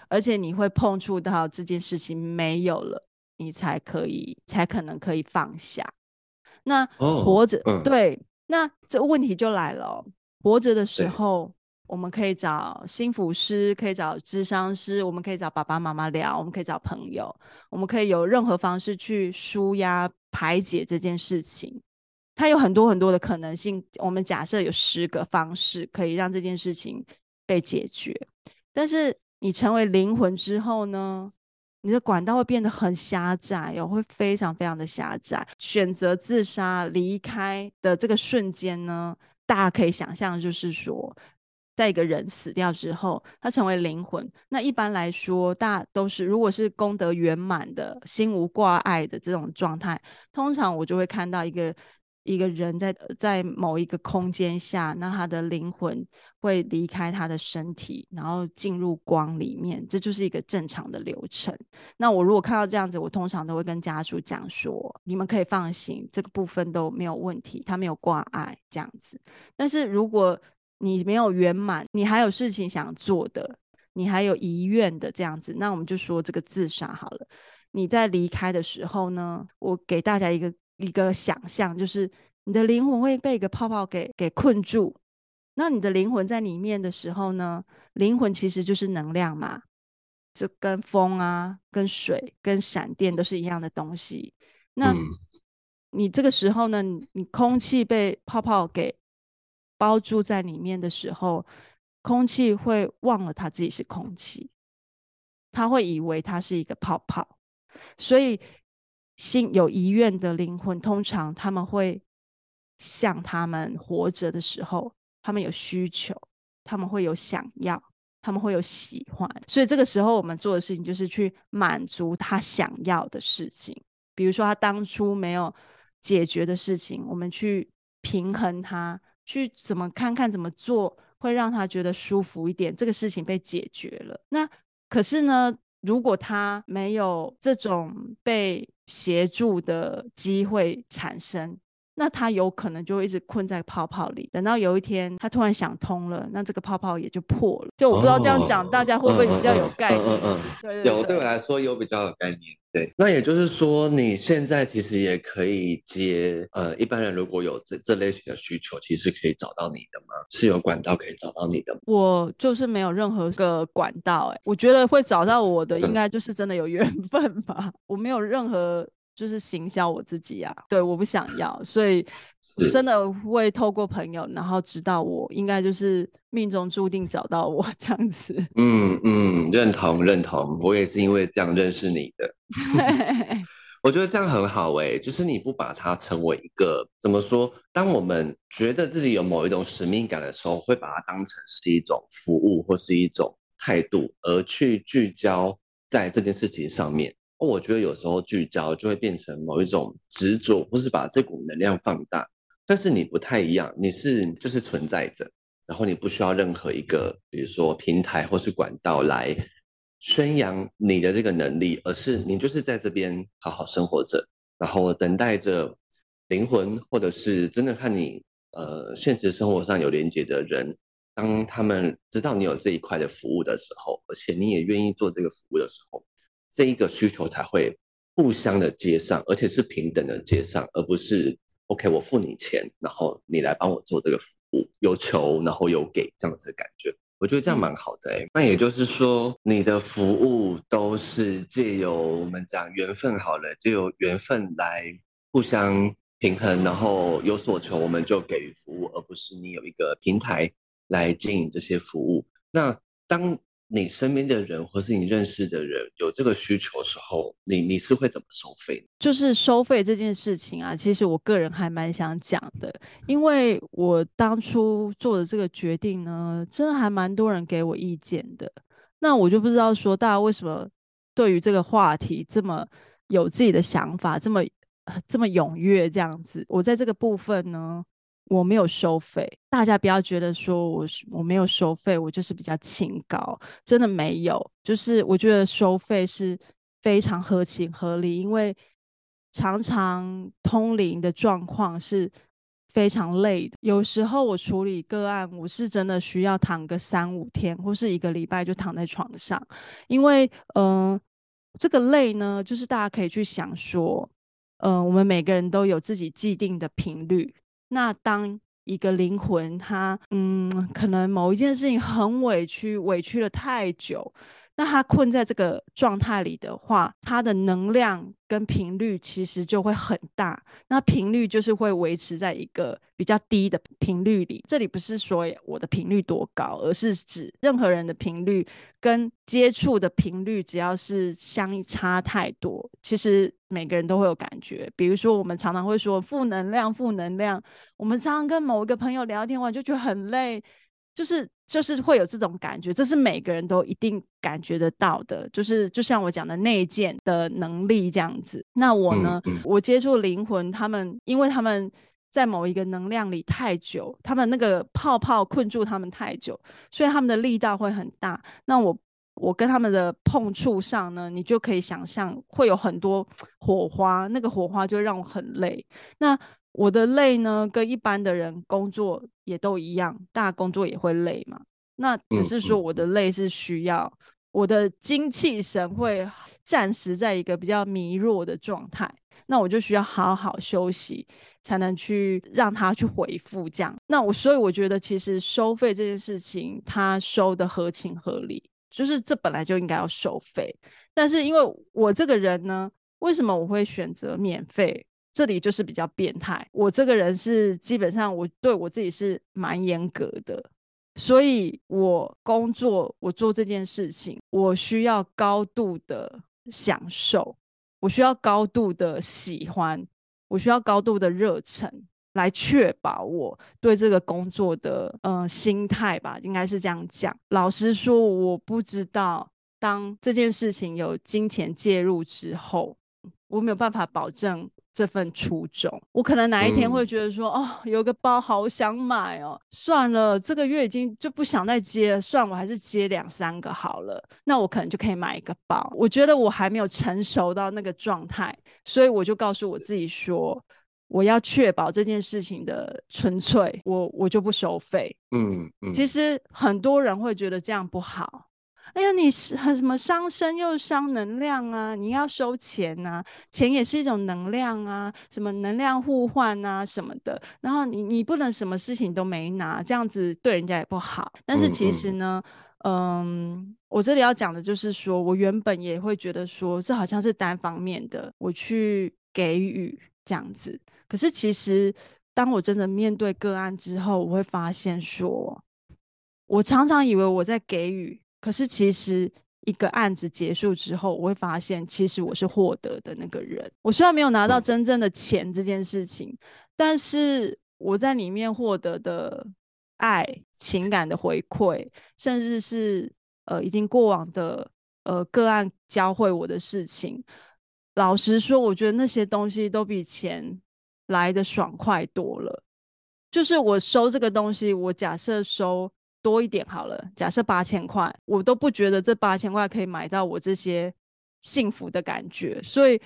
而且你會碰觸到這件事情沒有了，你才可以，才可能可以放下。那活着，oh, uh. 對，那這問題就來了哦，活着的時候，對我們可以找心輔師，可以找諮商師，我們可以找爸爸媽媽聊，我們可以找朋友，我們可以有任何方式去舒壓排解這件事情。它有很多很多的可能性。我們假設有十個方式可以讓這件事情被解決，但是。你成為靈魂之後呢，你的管道會變得很狹窄喲、哦，會非常非常的狹窄。選擇自殺離開的這個瞬間呢，大家可以想象，就是說，在一個人死掉之後，他成為靈魂。那一般來說，大都是如果是功德圓滿的、心無掛礙的這種狀態，通常我就會看到一個。一個人在在某一個空間下，那他的靈魂會離開他的身體，然後進入光裡面，這就是一個正常的流程。那我如果看到這樣子，我通常都會跟家屬講說：你們可以放心，這個部分都沒有問題，他沒有掛礙這樣子。但是如果你沒有圓滿，你還有事情想做的，你還有遺願的這樣子，那我們就說這個自殺好了。你在離開的時候呢，我給大家一個。一個想象就是你的靈魂會被一個泡泡給給困住。那你的靈魂在裡面的時候呢？靈魂其實就是能量嘛，就跟風啊、跟水、跟閃電都是一樣的東西。那你這個時候呢？你空氣被泡泡給包住在裡面的時候，空氣會忘了他自己是空氣，他會以為他是一個泡泡，所以，心有遺願的靈魂，通常他們會像他們活着的時候，他們有需求，他們會有想要，他們會有喜歡，所以這個時候我們做的事情就是去滿足他想要的事情。比如說他當初沒有解決的事情，我們去平衡他，去怎麼看看怎麼做會讓他覺得舒服一點，這個事情被解決了。那可是呢？如果他沒有這種被協助的機會產生，那他有可能就會一直困在泡泡裡。等到有一天他突然想通了，那這個泡泡也就破了。就我不知道這樣講，oh, 大家會不會比較有概念？有，對我來說有比較有概念。對，那也就是說，你現在其實也可以接，呃，一般人如果有這這類型的需求，其實可以找到你的嗎？是有管道可以找到你的嗎？我就是沒有任何個管道、欸，誒，我覺得會找到我的，應該就是真的有緣分吧。嗯、我沒有任何。就是行銷我自己呀、啊，對，我不想要，所以真的會透過朋友，是然後知道我應該就是命中注定找到我這樣子。嗯嗯，認同認同，我也是因為這樣認識你的。我覺得這樣很好誒、欸，就是你不把它成為一個怎麼說？當我們覺得自己有某一種使命感的時候，會把它當成是一種服務或是一種態度，而去聚焦在這件事情上面。我覺得有時候聚焦就會變成某一種執着或是把這股能量放大。但是你不太一樣，你是就是存在着，然後你不需要任何一個，比如說平台或是管道來宣揚你的這個能力，而是你就是在這邊好好生活着，然後等待着靈魂，或者是真的看你呃現實生活上有連接的人，當他們知道你有這一塊的服務的時候，而且你也願意做這個服務的時候，這一個需求才會互相的接上，而且是平等的接上，而不是 OK，我付你錢，然後你來幫我做這個服務，有求然後有給這樣子感覺，我覺得這樣蠻好的欸。那也就是說，你的服務都是借由我們講緣分好了，借由緣分來互相平衡，然後有所求，我們就給予服務，而不是你有一個平台來經營這些服務。那當。你身邊的人，或是你認識的人有這個需求的時候，你你是會怎麼收費？就是收費這件事情啊，其實我個人還蠻想講的，因為我當初做的這個決定呢，真的還蠻多人給我意見的。那我就不知道說大家為什麼對於這個話題這麼有自己的想法，這麼這麼踴躍這樣子。我在這個部分呢。我沒有收費，大家不要覺得說我我沒有收費，我就是比較清高，真的沒有。就是我覺得收費是非常合情合理，因為常常通靈的狀況是非常累的。有時候我處理個案，我是真的需要躺個三五天，或是一個禮拜就躺在床上，因為嗯、呃，這個累呢，就是大家可以去想說，嗯、呃，我們每個人都有自己既定的頻率。那當一個靈魂他，他嗯，可能某一件事情很委屈，委屈了太久。那他困在這個狀態裡的話，他的能量跟頻率其實就會很大。那頻率就是會維持在一個比較低的頻率裡。這裡不是說我的頻率多高，而是指任何人的頻率跟接觸的頻率，只要是相差太多，其實每個人都會有感覺。比如說，我們常常會說負能量，負能量。我們常常跟某一個朋友聊天完，就覺得很累。就是就是會有這種感覺，這是每個人都一定感覺得到的。就是就像我講的內建的能力這樣子。那我呢？嗯嗯、我接觸靈魂，他們因為他們在某一個能量裡太久，他們那個泡泡困住他們太久，所以他們的力道會很大。那我我跟他們的碰觸上呢，你就可以想象會有很多火花，那個火花就會讓我很累。那。我的累呢，跟一般的人工作也都一樣，大家工作也會累嘛。那只是說我的累是需要我的精氣神會暫時在一個比較疲弱的狀態，那我就需要好好休息，才能去讓他去恢復這樣。那我所以我覺得其實收費這件事情，他收得合情合理，就是這本來就應該要收費。但是因為我這個人呢，為什麼我會選擇免費？這裡就是比較變態。我這個人是基本上，我對我自己是蠻嚴格的，所以我工作，我做這件事情，我需要高度的享受，我需要高度的喜歡，我需要高度的熱忱，來確保我對這個工作的嗯、呃、心態吧，應該是這樣講。老實說，我不知道當這件事情有金錢介入之後，我沒有辦法保證。這份初衷，我可能哪一天會覺得說，嗯、哦，有個包好想買哦，算了，這個月已經就不想再接了，算我還是接兩三個好了，那我可能就可以買一個包。我覺得我還沒有成熟到那個狀態，所以我就告訴我自己說，是我要確保這件事情的純粹，我我就不收費。嗯嗯，嗯，其實很多人會覺得這樣不好。哎呀，你是很什麼傷身又傷能量啊？你要收錢吶、啊，錢也是一種能量啊，什麼能量互換啊什麼的。然後你你不能什麼事情都沒拿，這樣子對人家也不好。但是其實呢，嗯，嗯，嗯，我這裡要講的就是說，我原本也會覺得說這好像是單方面的，我去給予這樣子。可是其實當我真的面對個案之後，我會發現說，我常常以為我在給予。可是其實一個案子結束之後，我會發現，其實我是獲得的那個人。我雖然沒有拿到真正的錢這件事情，嗯、但是我在裡面獲得的愛、情感的回饋，甚至是呃已經過往的呃個案教會我的事情，老實說，我覺得那些東西都比錢來得爽快多了。就是我收這個東西，我假設收。多一點好了，假設八千塊，我都不覺得這八千塊可以買到我這些幸福的感覺，所以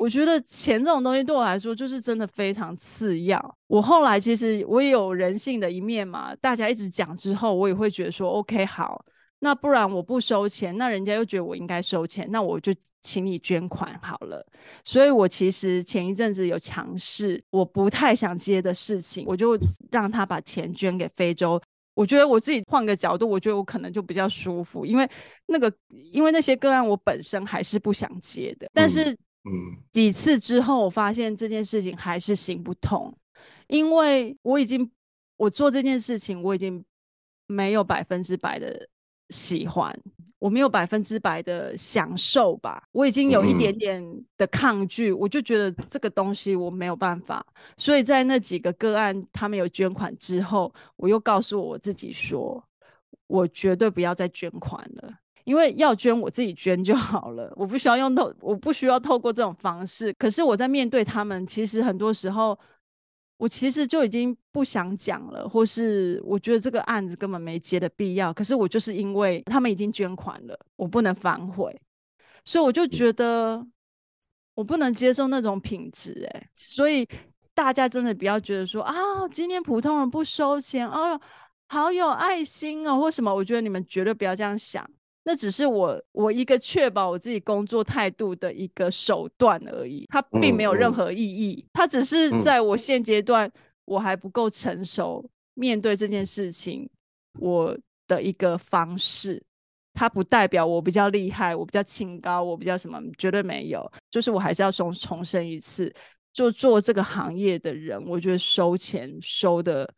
我覺得錢這種東西對我來說就是真的非常次要。我後來其實我也有人性的一面嘛，大家一直講之後，我也會覺得說，OK，好，那不然我不收錢，那人家又覺得我應該收錢，那我就請你捐款好了。所以我其實前一陣子有嘗試，我不太想接的事情，我就讓他把錢捐給非洲。我覺得我自己換個角度，我覺得我可能就比較舒服，因為那個，因為那些個案我本身還是不想接的，但是，嗯，幾次之後我發現這件事情還是行不通，因為我已經，我做這件事情我已經沒有百分之百的喜歡。我沒有百分之百的享受吧，我已經有一點點的抗拒，我就覺得這個東西我沒有辦法。所以在那幾個個案他們有捐款之後，我又告訴我自己說，我絕對不要再捐款了，因為要捐我自己捐就好了，我不需要用透，我不需要透過這種方式。可是我在面對他們，其實很多時候。我其實就已經不想講了，或是我覺得這個案子根本沒接的必要。可是我就是因為他們已經捐款了，我不能反悔，所以我就覺得我不能接受那種品質。哎，所以大家真的不要覺得說啊，哦，今天普通人不收錢，哦，好有愛心哦，或什麼？我覺得你們絕對不要這樣想。那只是我我一個確保我自己工作態度的一個手段而已，它並沒有任何意義，它只是在我現階段我還不夠成熟面對這件事情我的一個方式，它不代表我比較厲害，我比較清高，我比較什麼，絕對沒有。就是我還是要重重申一次，就做這個行業的人，我覺得收錢收得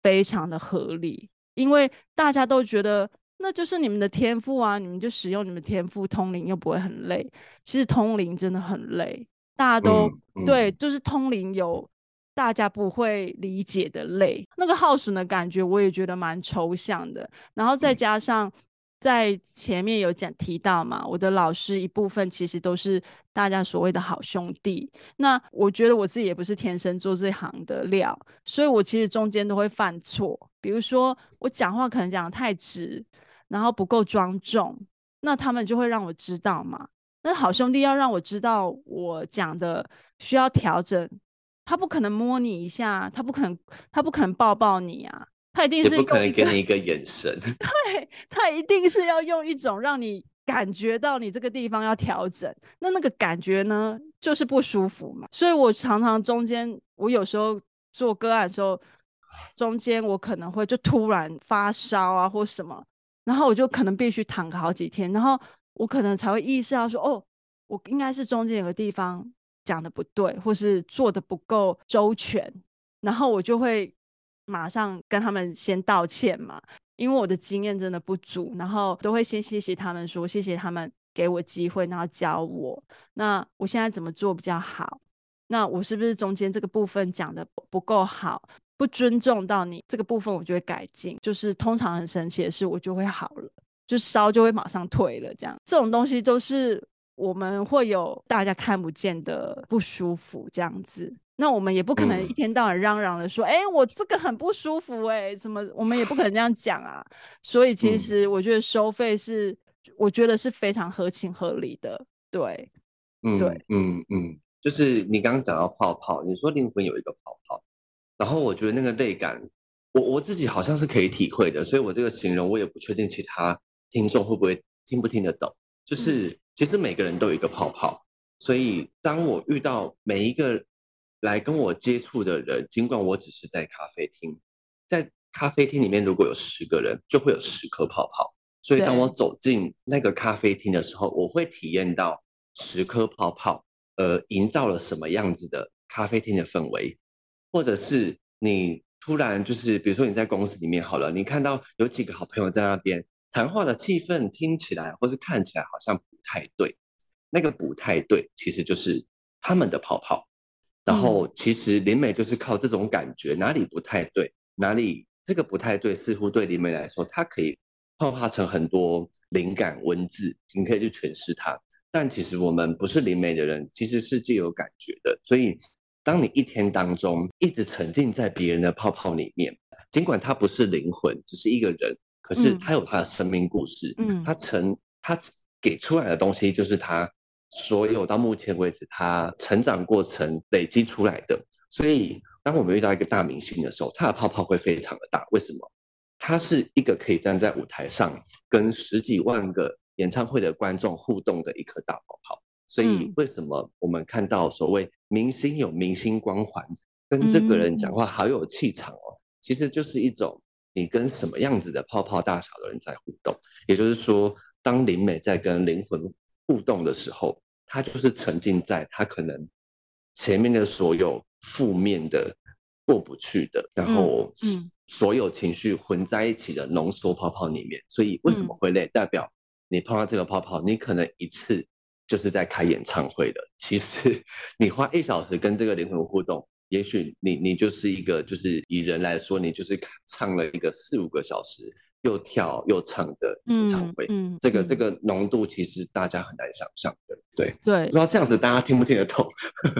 非常的合理，因為大家都覺得。那就是你們的天賦啊，你們就使用你們的天賦通靈又不會很累。其實通靈真的很累，大家都、嗯嗯、對，就是通靈有大家不會理解的累，那個耗損的感覺我也覺得蠻抽象的。然後再加上在前面有講提到嘛，我的老師一部分其實都是大家所謂的好兄弟。那我覺得我自己也不是天生做這行的料，所以我其實中間都會犯錯，比如說我講話可能講得太直。然後不夠莊重，那他們就會讓我知道嘛。那好兄弟要讓我知道我講的需要調整，他不可能摸你一下，他不可能，他不可能抱抱你啊，他一定是不可能給你一個眼神， 對，他一定是要用一種讓你感覺到你這個地方要調整，那那個感覺呢，就是不舒服嘛。所以我常常中間，我有時候做個案的時候，中間我可能會就突然發燒啊，或什麼。然後我就可能必須躺個好幾天，然後我可能才會意識到說，哦，我應該是中間有個地方講得不對，或是做得不夠周全，然後我就會馬上跟他們先道歉嘛，因為我的經驗真的不足，然後都會先謝謝他們說，謝謝他們給我機會，然後教我，那我現在怎麼做比較好？那我是不是中間這個部分講得不，不夠好？不尊重到你這個部分，我就會改進。就是通常很神奇的是，我就會好了，就燒就會馬上退了。這樣，這種東西都是我們會有大家看不見的不舒服這樣子。那我們也不可能一天到晚嚷嚷的說，哎、嗯、欸，我這個很不舒服、欸，哎，怎麼？我們也不可能這樣講啊。所以其實我覺得收費是，嗯、我覺得是非常合情合理的。對，對嗯，對、嗯，嗯嗯，就是你剛剛講到泡泡，你說靈魂有一個泡泡。然後我覺得那個累感，我我自己好像是可以體會的，所以我這個形容我也不確定其他聽眾會不會聽不聽得懂。就是其實每個人都有一個泡泡，所以當我遇到每一個來跟我接觸的人，儘管我只是在咖啡廳，在咖啡廳裡面如果有十個人，就會有十顆泡泡。所以當我走進那個咖啡廳的時候，我會體驗到十顆泡泡，呃，營造了什麼樣子的咖啡廳的氛圍。或者是你突然就是，比如說你在公司裡面好了，你看到有幾個好朋友在那邊談話的氣氛聽起來，或是看起來好像不太對，那個不太對，其實就是他們的泡泡。然後其實靈媒就是靠這種感覺，哪裡不太對，哪裡這個不太對，似乎對靈媒來說，它可以幻化成很多靈感文字，你可以去詮釋它。但其實我們不是靈媒的人，其實是具有感覺的，所以。當你一天當中一直沉浸在別人的泡泡裡面，儘管他不是靈魂，只是一個人，可是他有他的生命故事。嗯，他成他給出來的東西，就是他所有到目前為止他成長過程累積出來的。所以，當我們遇到一個大明星的時候，他的泡泡會非常的大。為什麼？他是一個可以站在舞台上跟十幾萬個演唱會的觀眾互動的一顆大泡泡。所以，為什麼我們看到所謂明星有明星光環，跟這個人講話好有氣場哦？其實就是一種你跟什麼樣子的泡泡大小的人在互動。也就是說，當靈媒在跟靈魂互動的時候，她就是沉浸在他可能前面的所有負面的過不去的，然後所有情緒混在一起的濃縮泡泡裡面。所以為什麼會累？代表你碰到這個泡泡，你可能一次。就是在開演唱會的，其實你花一小時跟這個靈魂互動，也許你你就是一個，就是以人來說，你就是唱了一個四五個小時，又跳又唱的演唱會。嗯，嗯、這個，這個這個濃度其實大家很難想象的，對對。不知道這樣子大家聽不聽得懂？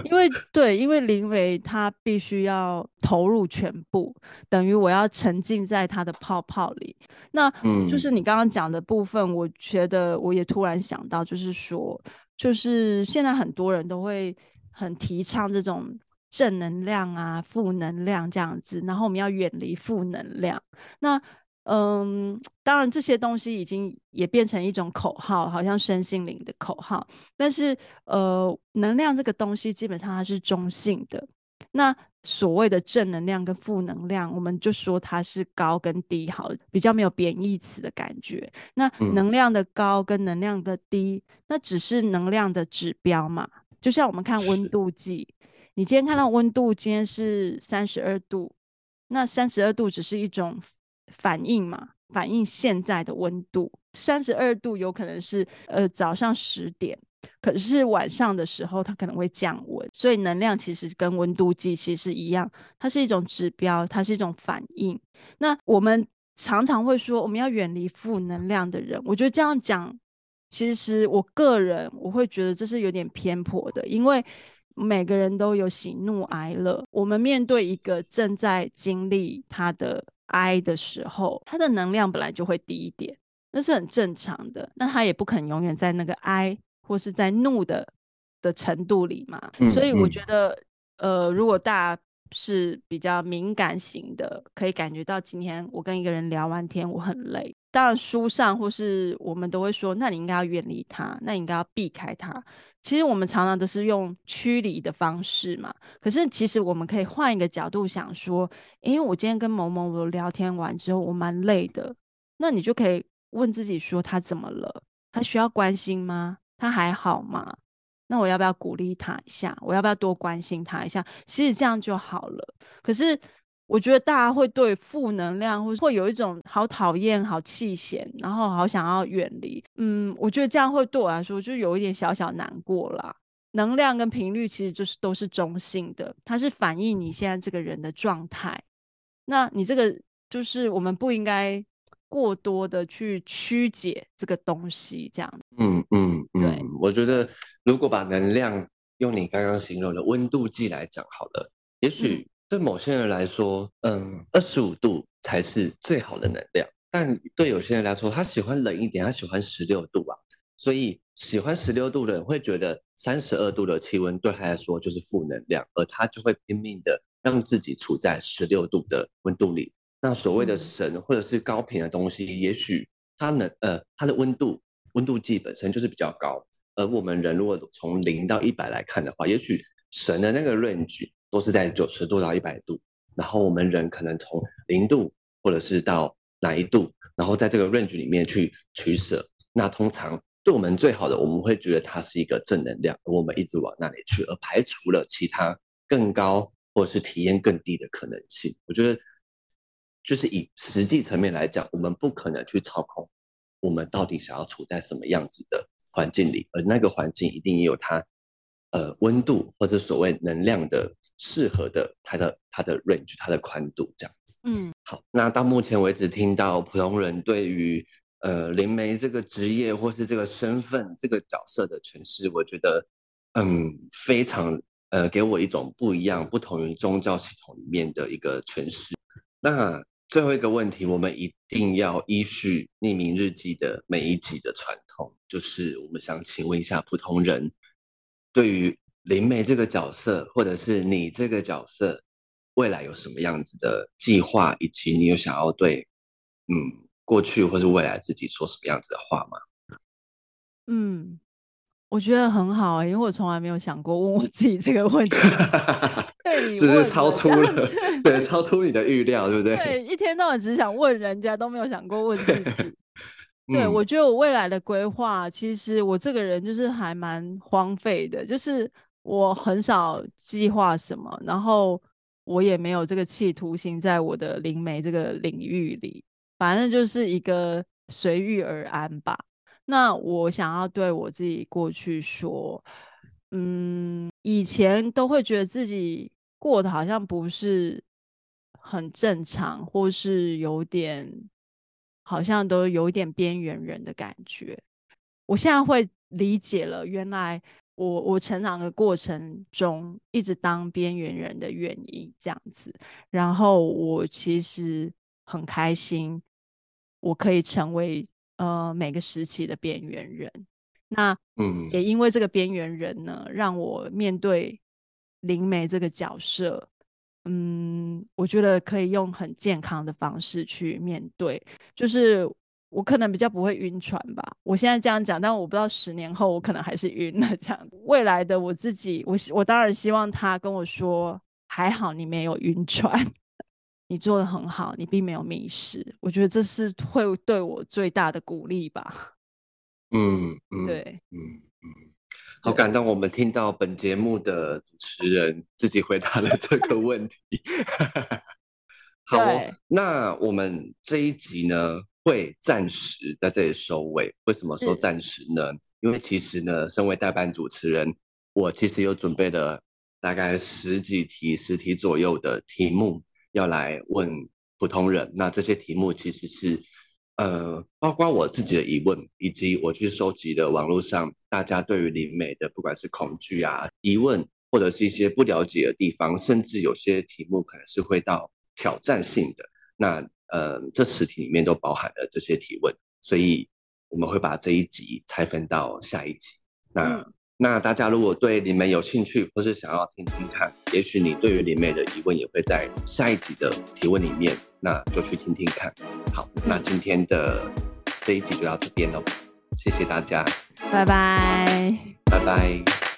因為 對，因為靈媒他必須要投入全部，等於我要沉浸在他的泡泡裡。那，嗯、就是你剛剛講的部分，我覺得我也突然想到，就是說，就是現在很多人都會很提倡這種正能量啊、負能量這樣子，然後我們要遠離負能量。那嗯，當然這些東西已經也變成一種口號，好像身心靈的口號。但是，呃，能量這個東西基本上它是中性的。那所謂的正能量跟負能量，我們就說它是高跟低好，比較沒有貶義詞的感覺。那能量的高跟能量的低，那只是能量的指標嘛，就像我們看溫度計，是你今天看到溫度今天是三十二度，那三十二度只是一種。反應嘛，反應現在的溫度三十二度，有可能是呃早上十點，可是晚上的時候它可能會降溫，所以能量其實跟溫度計其實一樣，它是一種指標，它是一種反應。那我們常常會說我們要遠離負能量的人，我覺得這樣講，其實我個人我會覺得這是有點偏頗的，因為每個人都有喜怒哀樂，我們面對一個正在經歷他的。哀的時候，他的能量本來就會低一點，那是很正常的。那他也不可能永遠在那個哀或是在怒的的程度裡嘛。嗯嗯、所以我覺得，呃，如果大家是比較敏感型的，可以感覺到今天我跟一個人聊完天，我很累。當然，書上或是我們都會說，那你應該要遠離他，那你應該要避開他。其實我們常常都是用驅離的方式嘛。可是其實我們可以換一個角度想說，因、欸、為我今天跟某某某聊天完之後，我蠻累的。那你就可以問自己說，他怎麼了？他需要關心嗎？他還好嗎？那我要不要鼓勵他一下？我要不要多關心他一下？其實這樣就好了。可是。我覺得大家會對負能量或者會有一種好討厭、好氣嫌，然後好想要遠離。嗯，我覺得這樣會對我來說就有一點小小難過啦。能量跟頻率其實就是都是中性的，它是反映你現在這個人的狀態。那你這個就是我們不應該過多的去曲解這個東西，這樣嗯。嗯嗯嗯，我覺得如果把能量用你剛剛形容的溫度計來講，好了，也許。嗯對某些人來說，嗯，二十五度才是最好的能量。但對有些人來說，他喜歡冷一點，他喜歡十六度啊。所以喜歡十六度的人會覺得三十二度的氣溫對他來說就是負能量，而他就會拼命的讓自己處在十六度的溫度裡。那所謂的神或者是高頻的東西，嗯，也許它能呃，它的溫度溫度計本身就是比較高。而我們人如果從零到一百來看的話，也許神的那個 range。都是在九十度到一百度，然後我們人可能從零度或者是到哪一度，然後在這個 range 裡面去取捨。那通常對我們最好的，我們會覺得它是一個正能量，而我們一直往那裡去，而排除了其他更高或者是體驗更低的可能性。我覺得，就是以實際層面來講，我們不可能去操控我們到底想要處在什麼樣子的環境裡，而那個環境一定也有它。呃，溫度或者所謂能量的適合的，的，它的它的 range，它的寬度這樣子。嗯，好，那到目前為止，聽到普通人對於呃靈媒這個職業或是這個身份這個角色的詮釋，我覺得嗯非常呃給我一種不一樣，不同於宗教系統裡面的一個詮釋。那最後一個問題，我們一定要依序匿名日記的每一集的傳統，就是我們想請問一下普通人。對於靈媒這個角色，或者是你這個角色，未來有什麼樣子的計劃？以及你有想要對嗯過去或是未來自己說什麼樣子的話嗎？嗯，我覺得很好，因為我從來沒有想過問我自己這個問題，對，只是超出了，對， 超出你的預料，對不對？對，一天到晚只想問人家，都沒有想過問自己。 對，我覺得我未來的規劃，其實我這個人就是還蠻荒廢的，就是我很少計劃什麼，然後我也沒有這個企圖心在我的靈媒這個領域裡，反正就是一個隨遇而安吧。那我想要對我自己過去說，嗯，以前都會覺得自己過得好像不是很正常，或是有點。好像都有一點邊緣人的感覺，我現在會理解了，原來我我成長的過程中一直當邊緣人的原因這樣子，然後我其實很開心，我可以成為呃每個時期的邊緣人，那嗯也因為這個邊緣人呢，讓我面對靈媒這個角色。嗯，我覺得可以用很健康的方式去面對，就是我可能比較不會暈船吧。我現在這樣講，但我不知道十年後我可能還是暈了這樣。未來的我自己，我我當然希望他跟我說，還好你沒有暈船，你做得很好，你並沒有迷失。我覺得這是會對我最大的鼓勵吧。嗯嗯，對嗯。對嗯好感動，我們聽到本節目的主持人自己回答了這個問題。好，那我們這一集呢，會暫時在這裡收尾。為什麼說暫時呢？嗯、因為其實呢，身為代班主持人，我其實有準備了大概十幾題、十題左右的題目要來問普通人。那這些題目其實是……呃，包括我自己的疑問，以及我去收集的網絡上大家對於靈媒的不管是恐懼啊、疑問，或者是一些不了解的地方，甚至有些題目可能是會到挑戰性的。那呃，這十題裡面都包含了這些提問，所以我們會把這一集拆分到下一集。那。嗯那大家如果對靈媒有興趣，或是想要聽聽看，也許你對於靈媒的疑問也會在下一集的提問裡面，那就去聽聽看。好，嗯、那今天的這一集就到這邊嘍，謝謝大家，拜拜，拜拜。拜拜。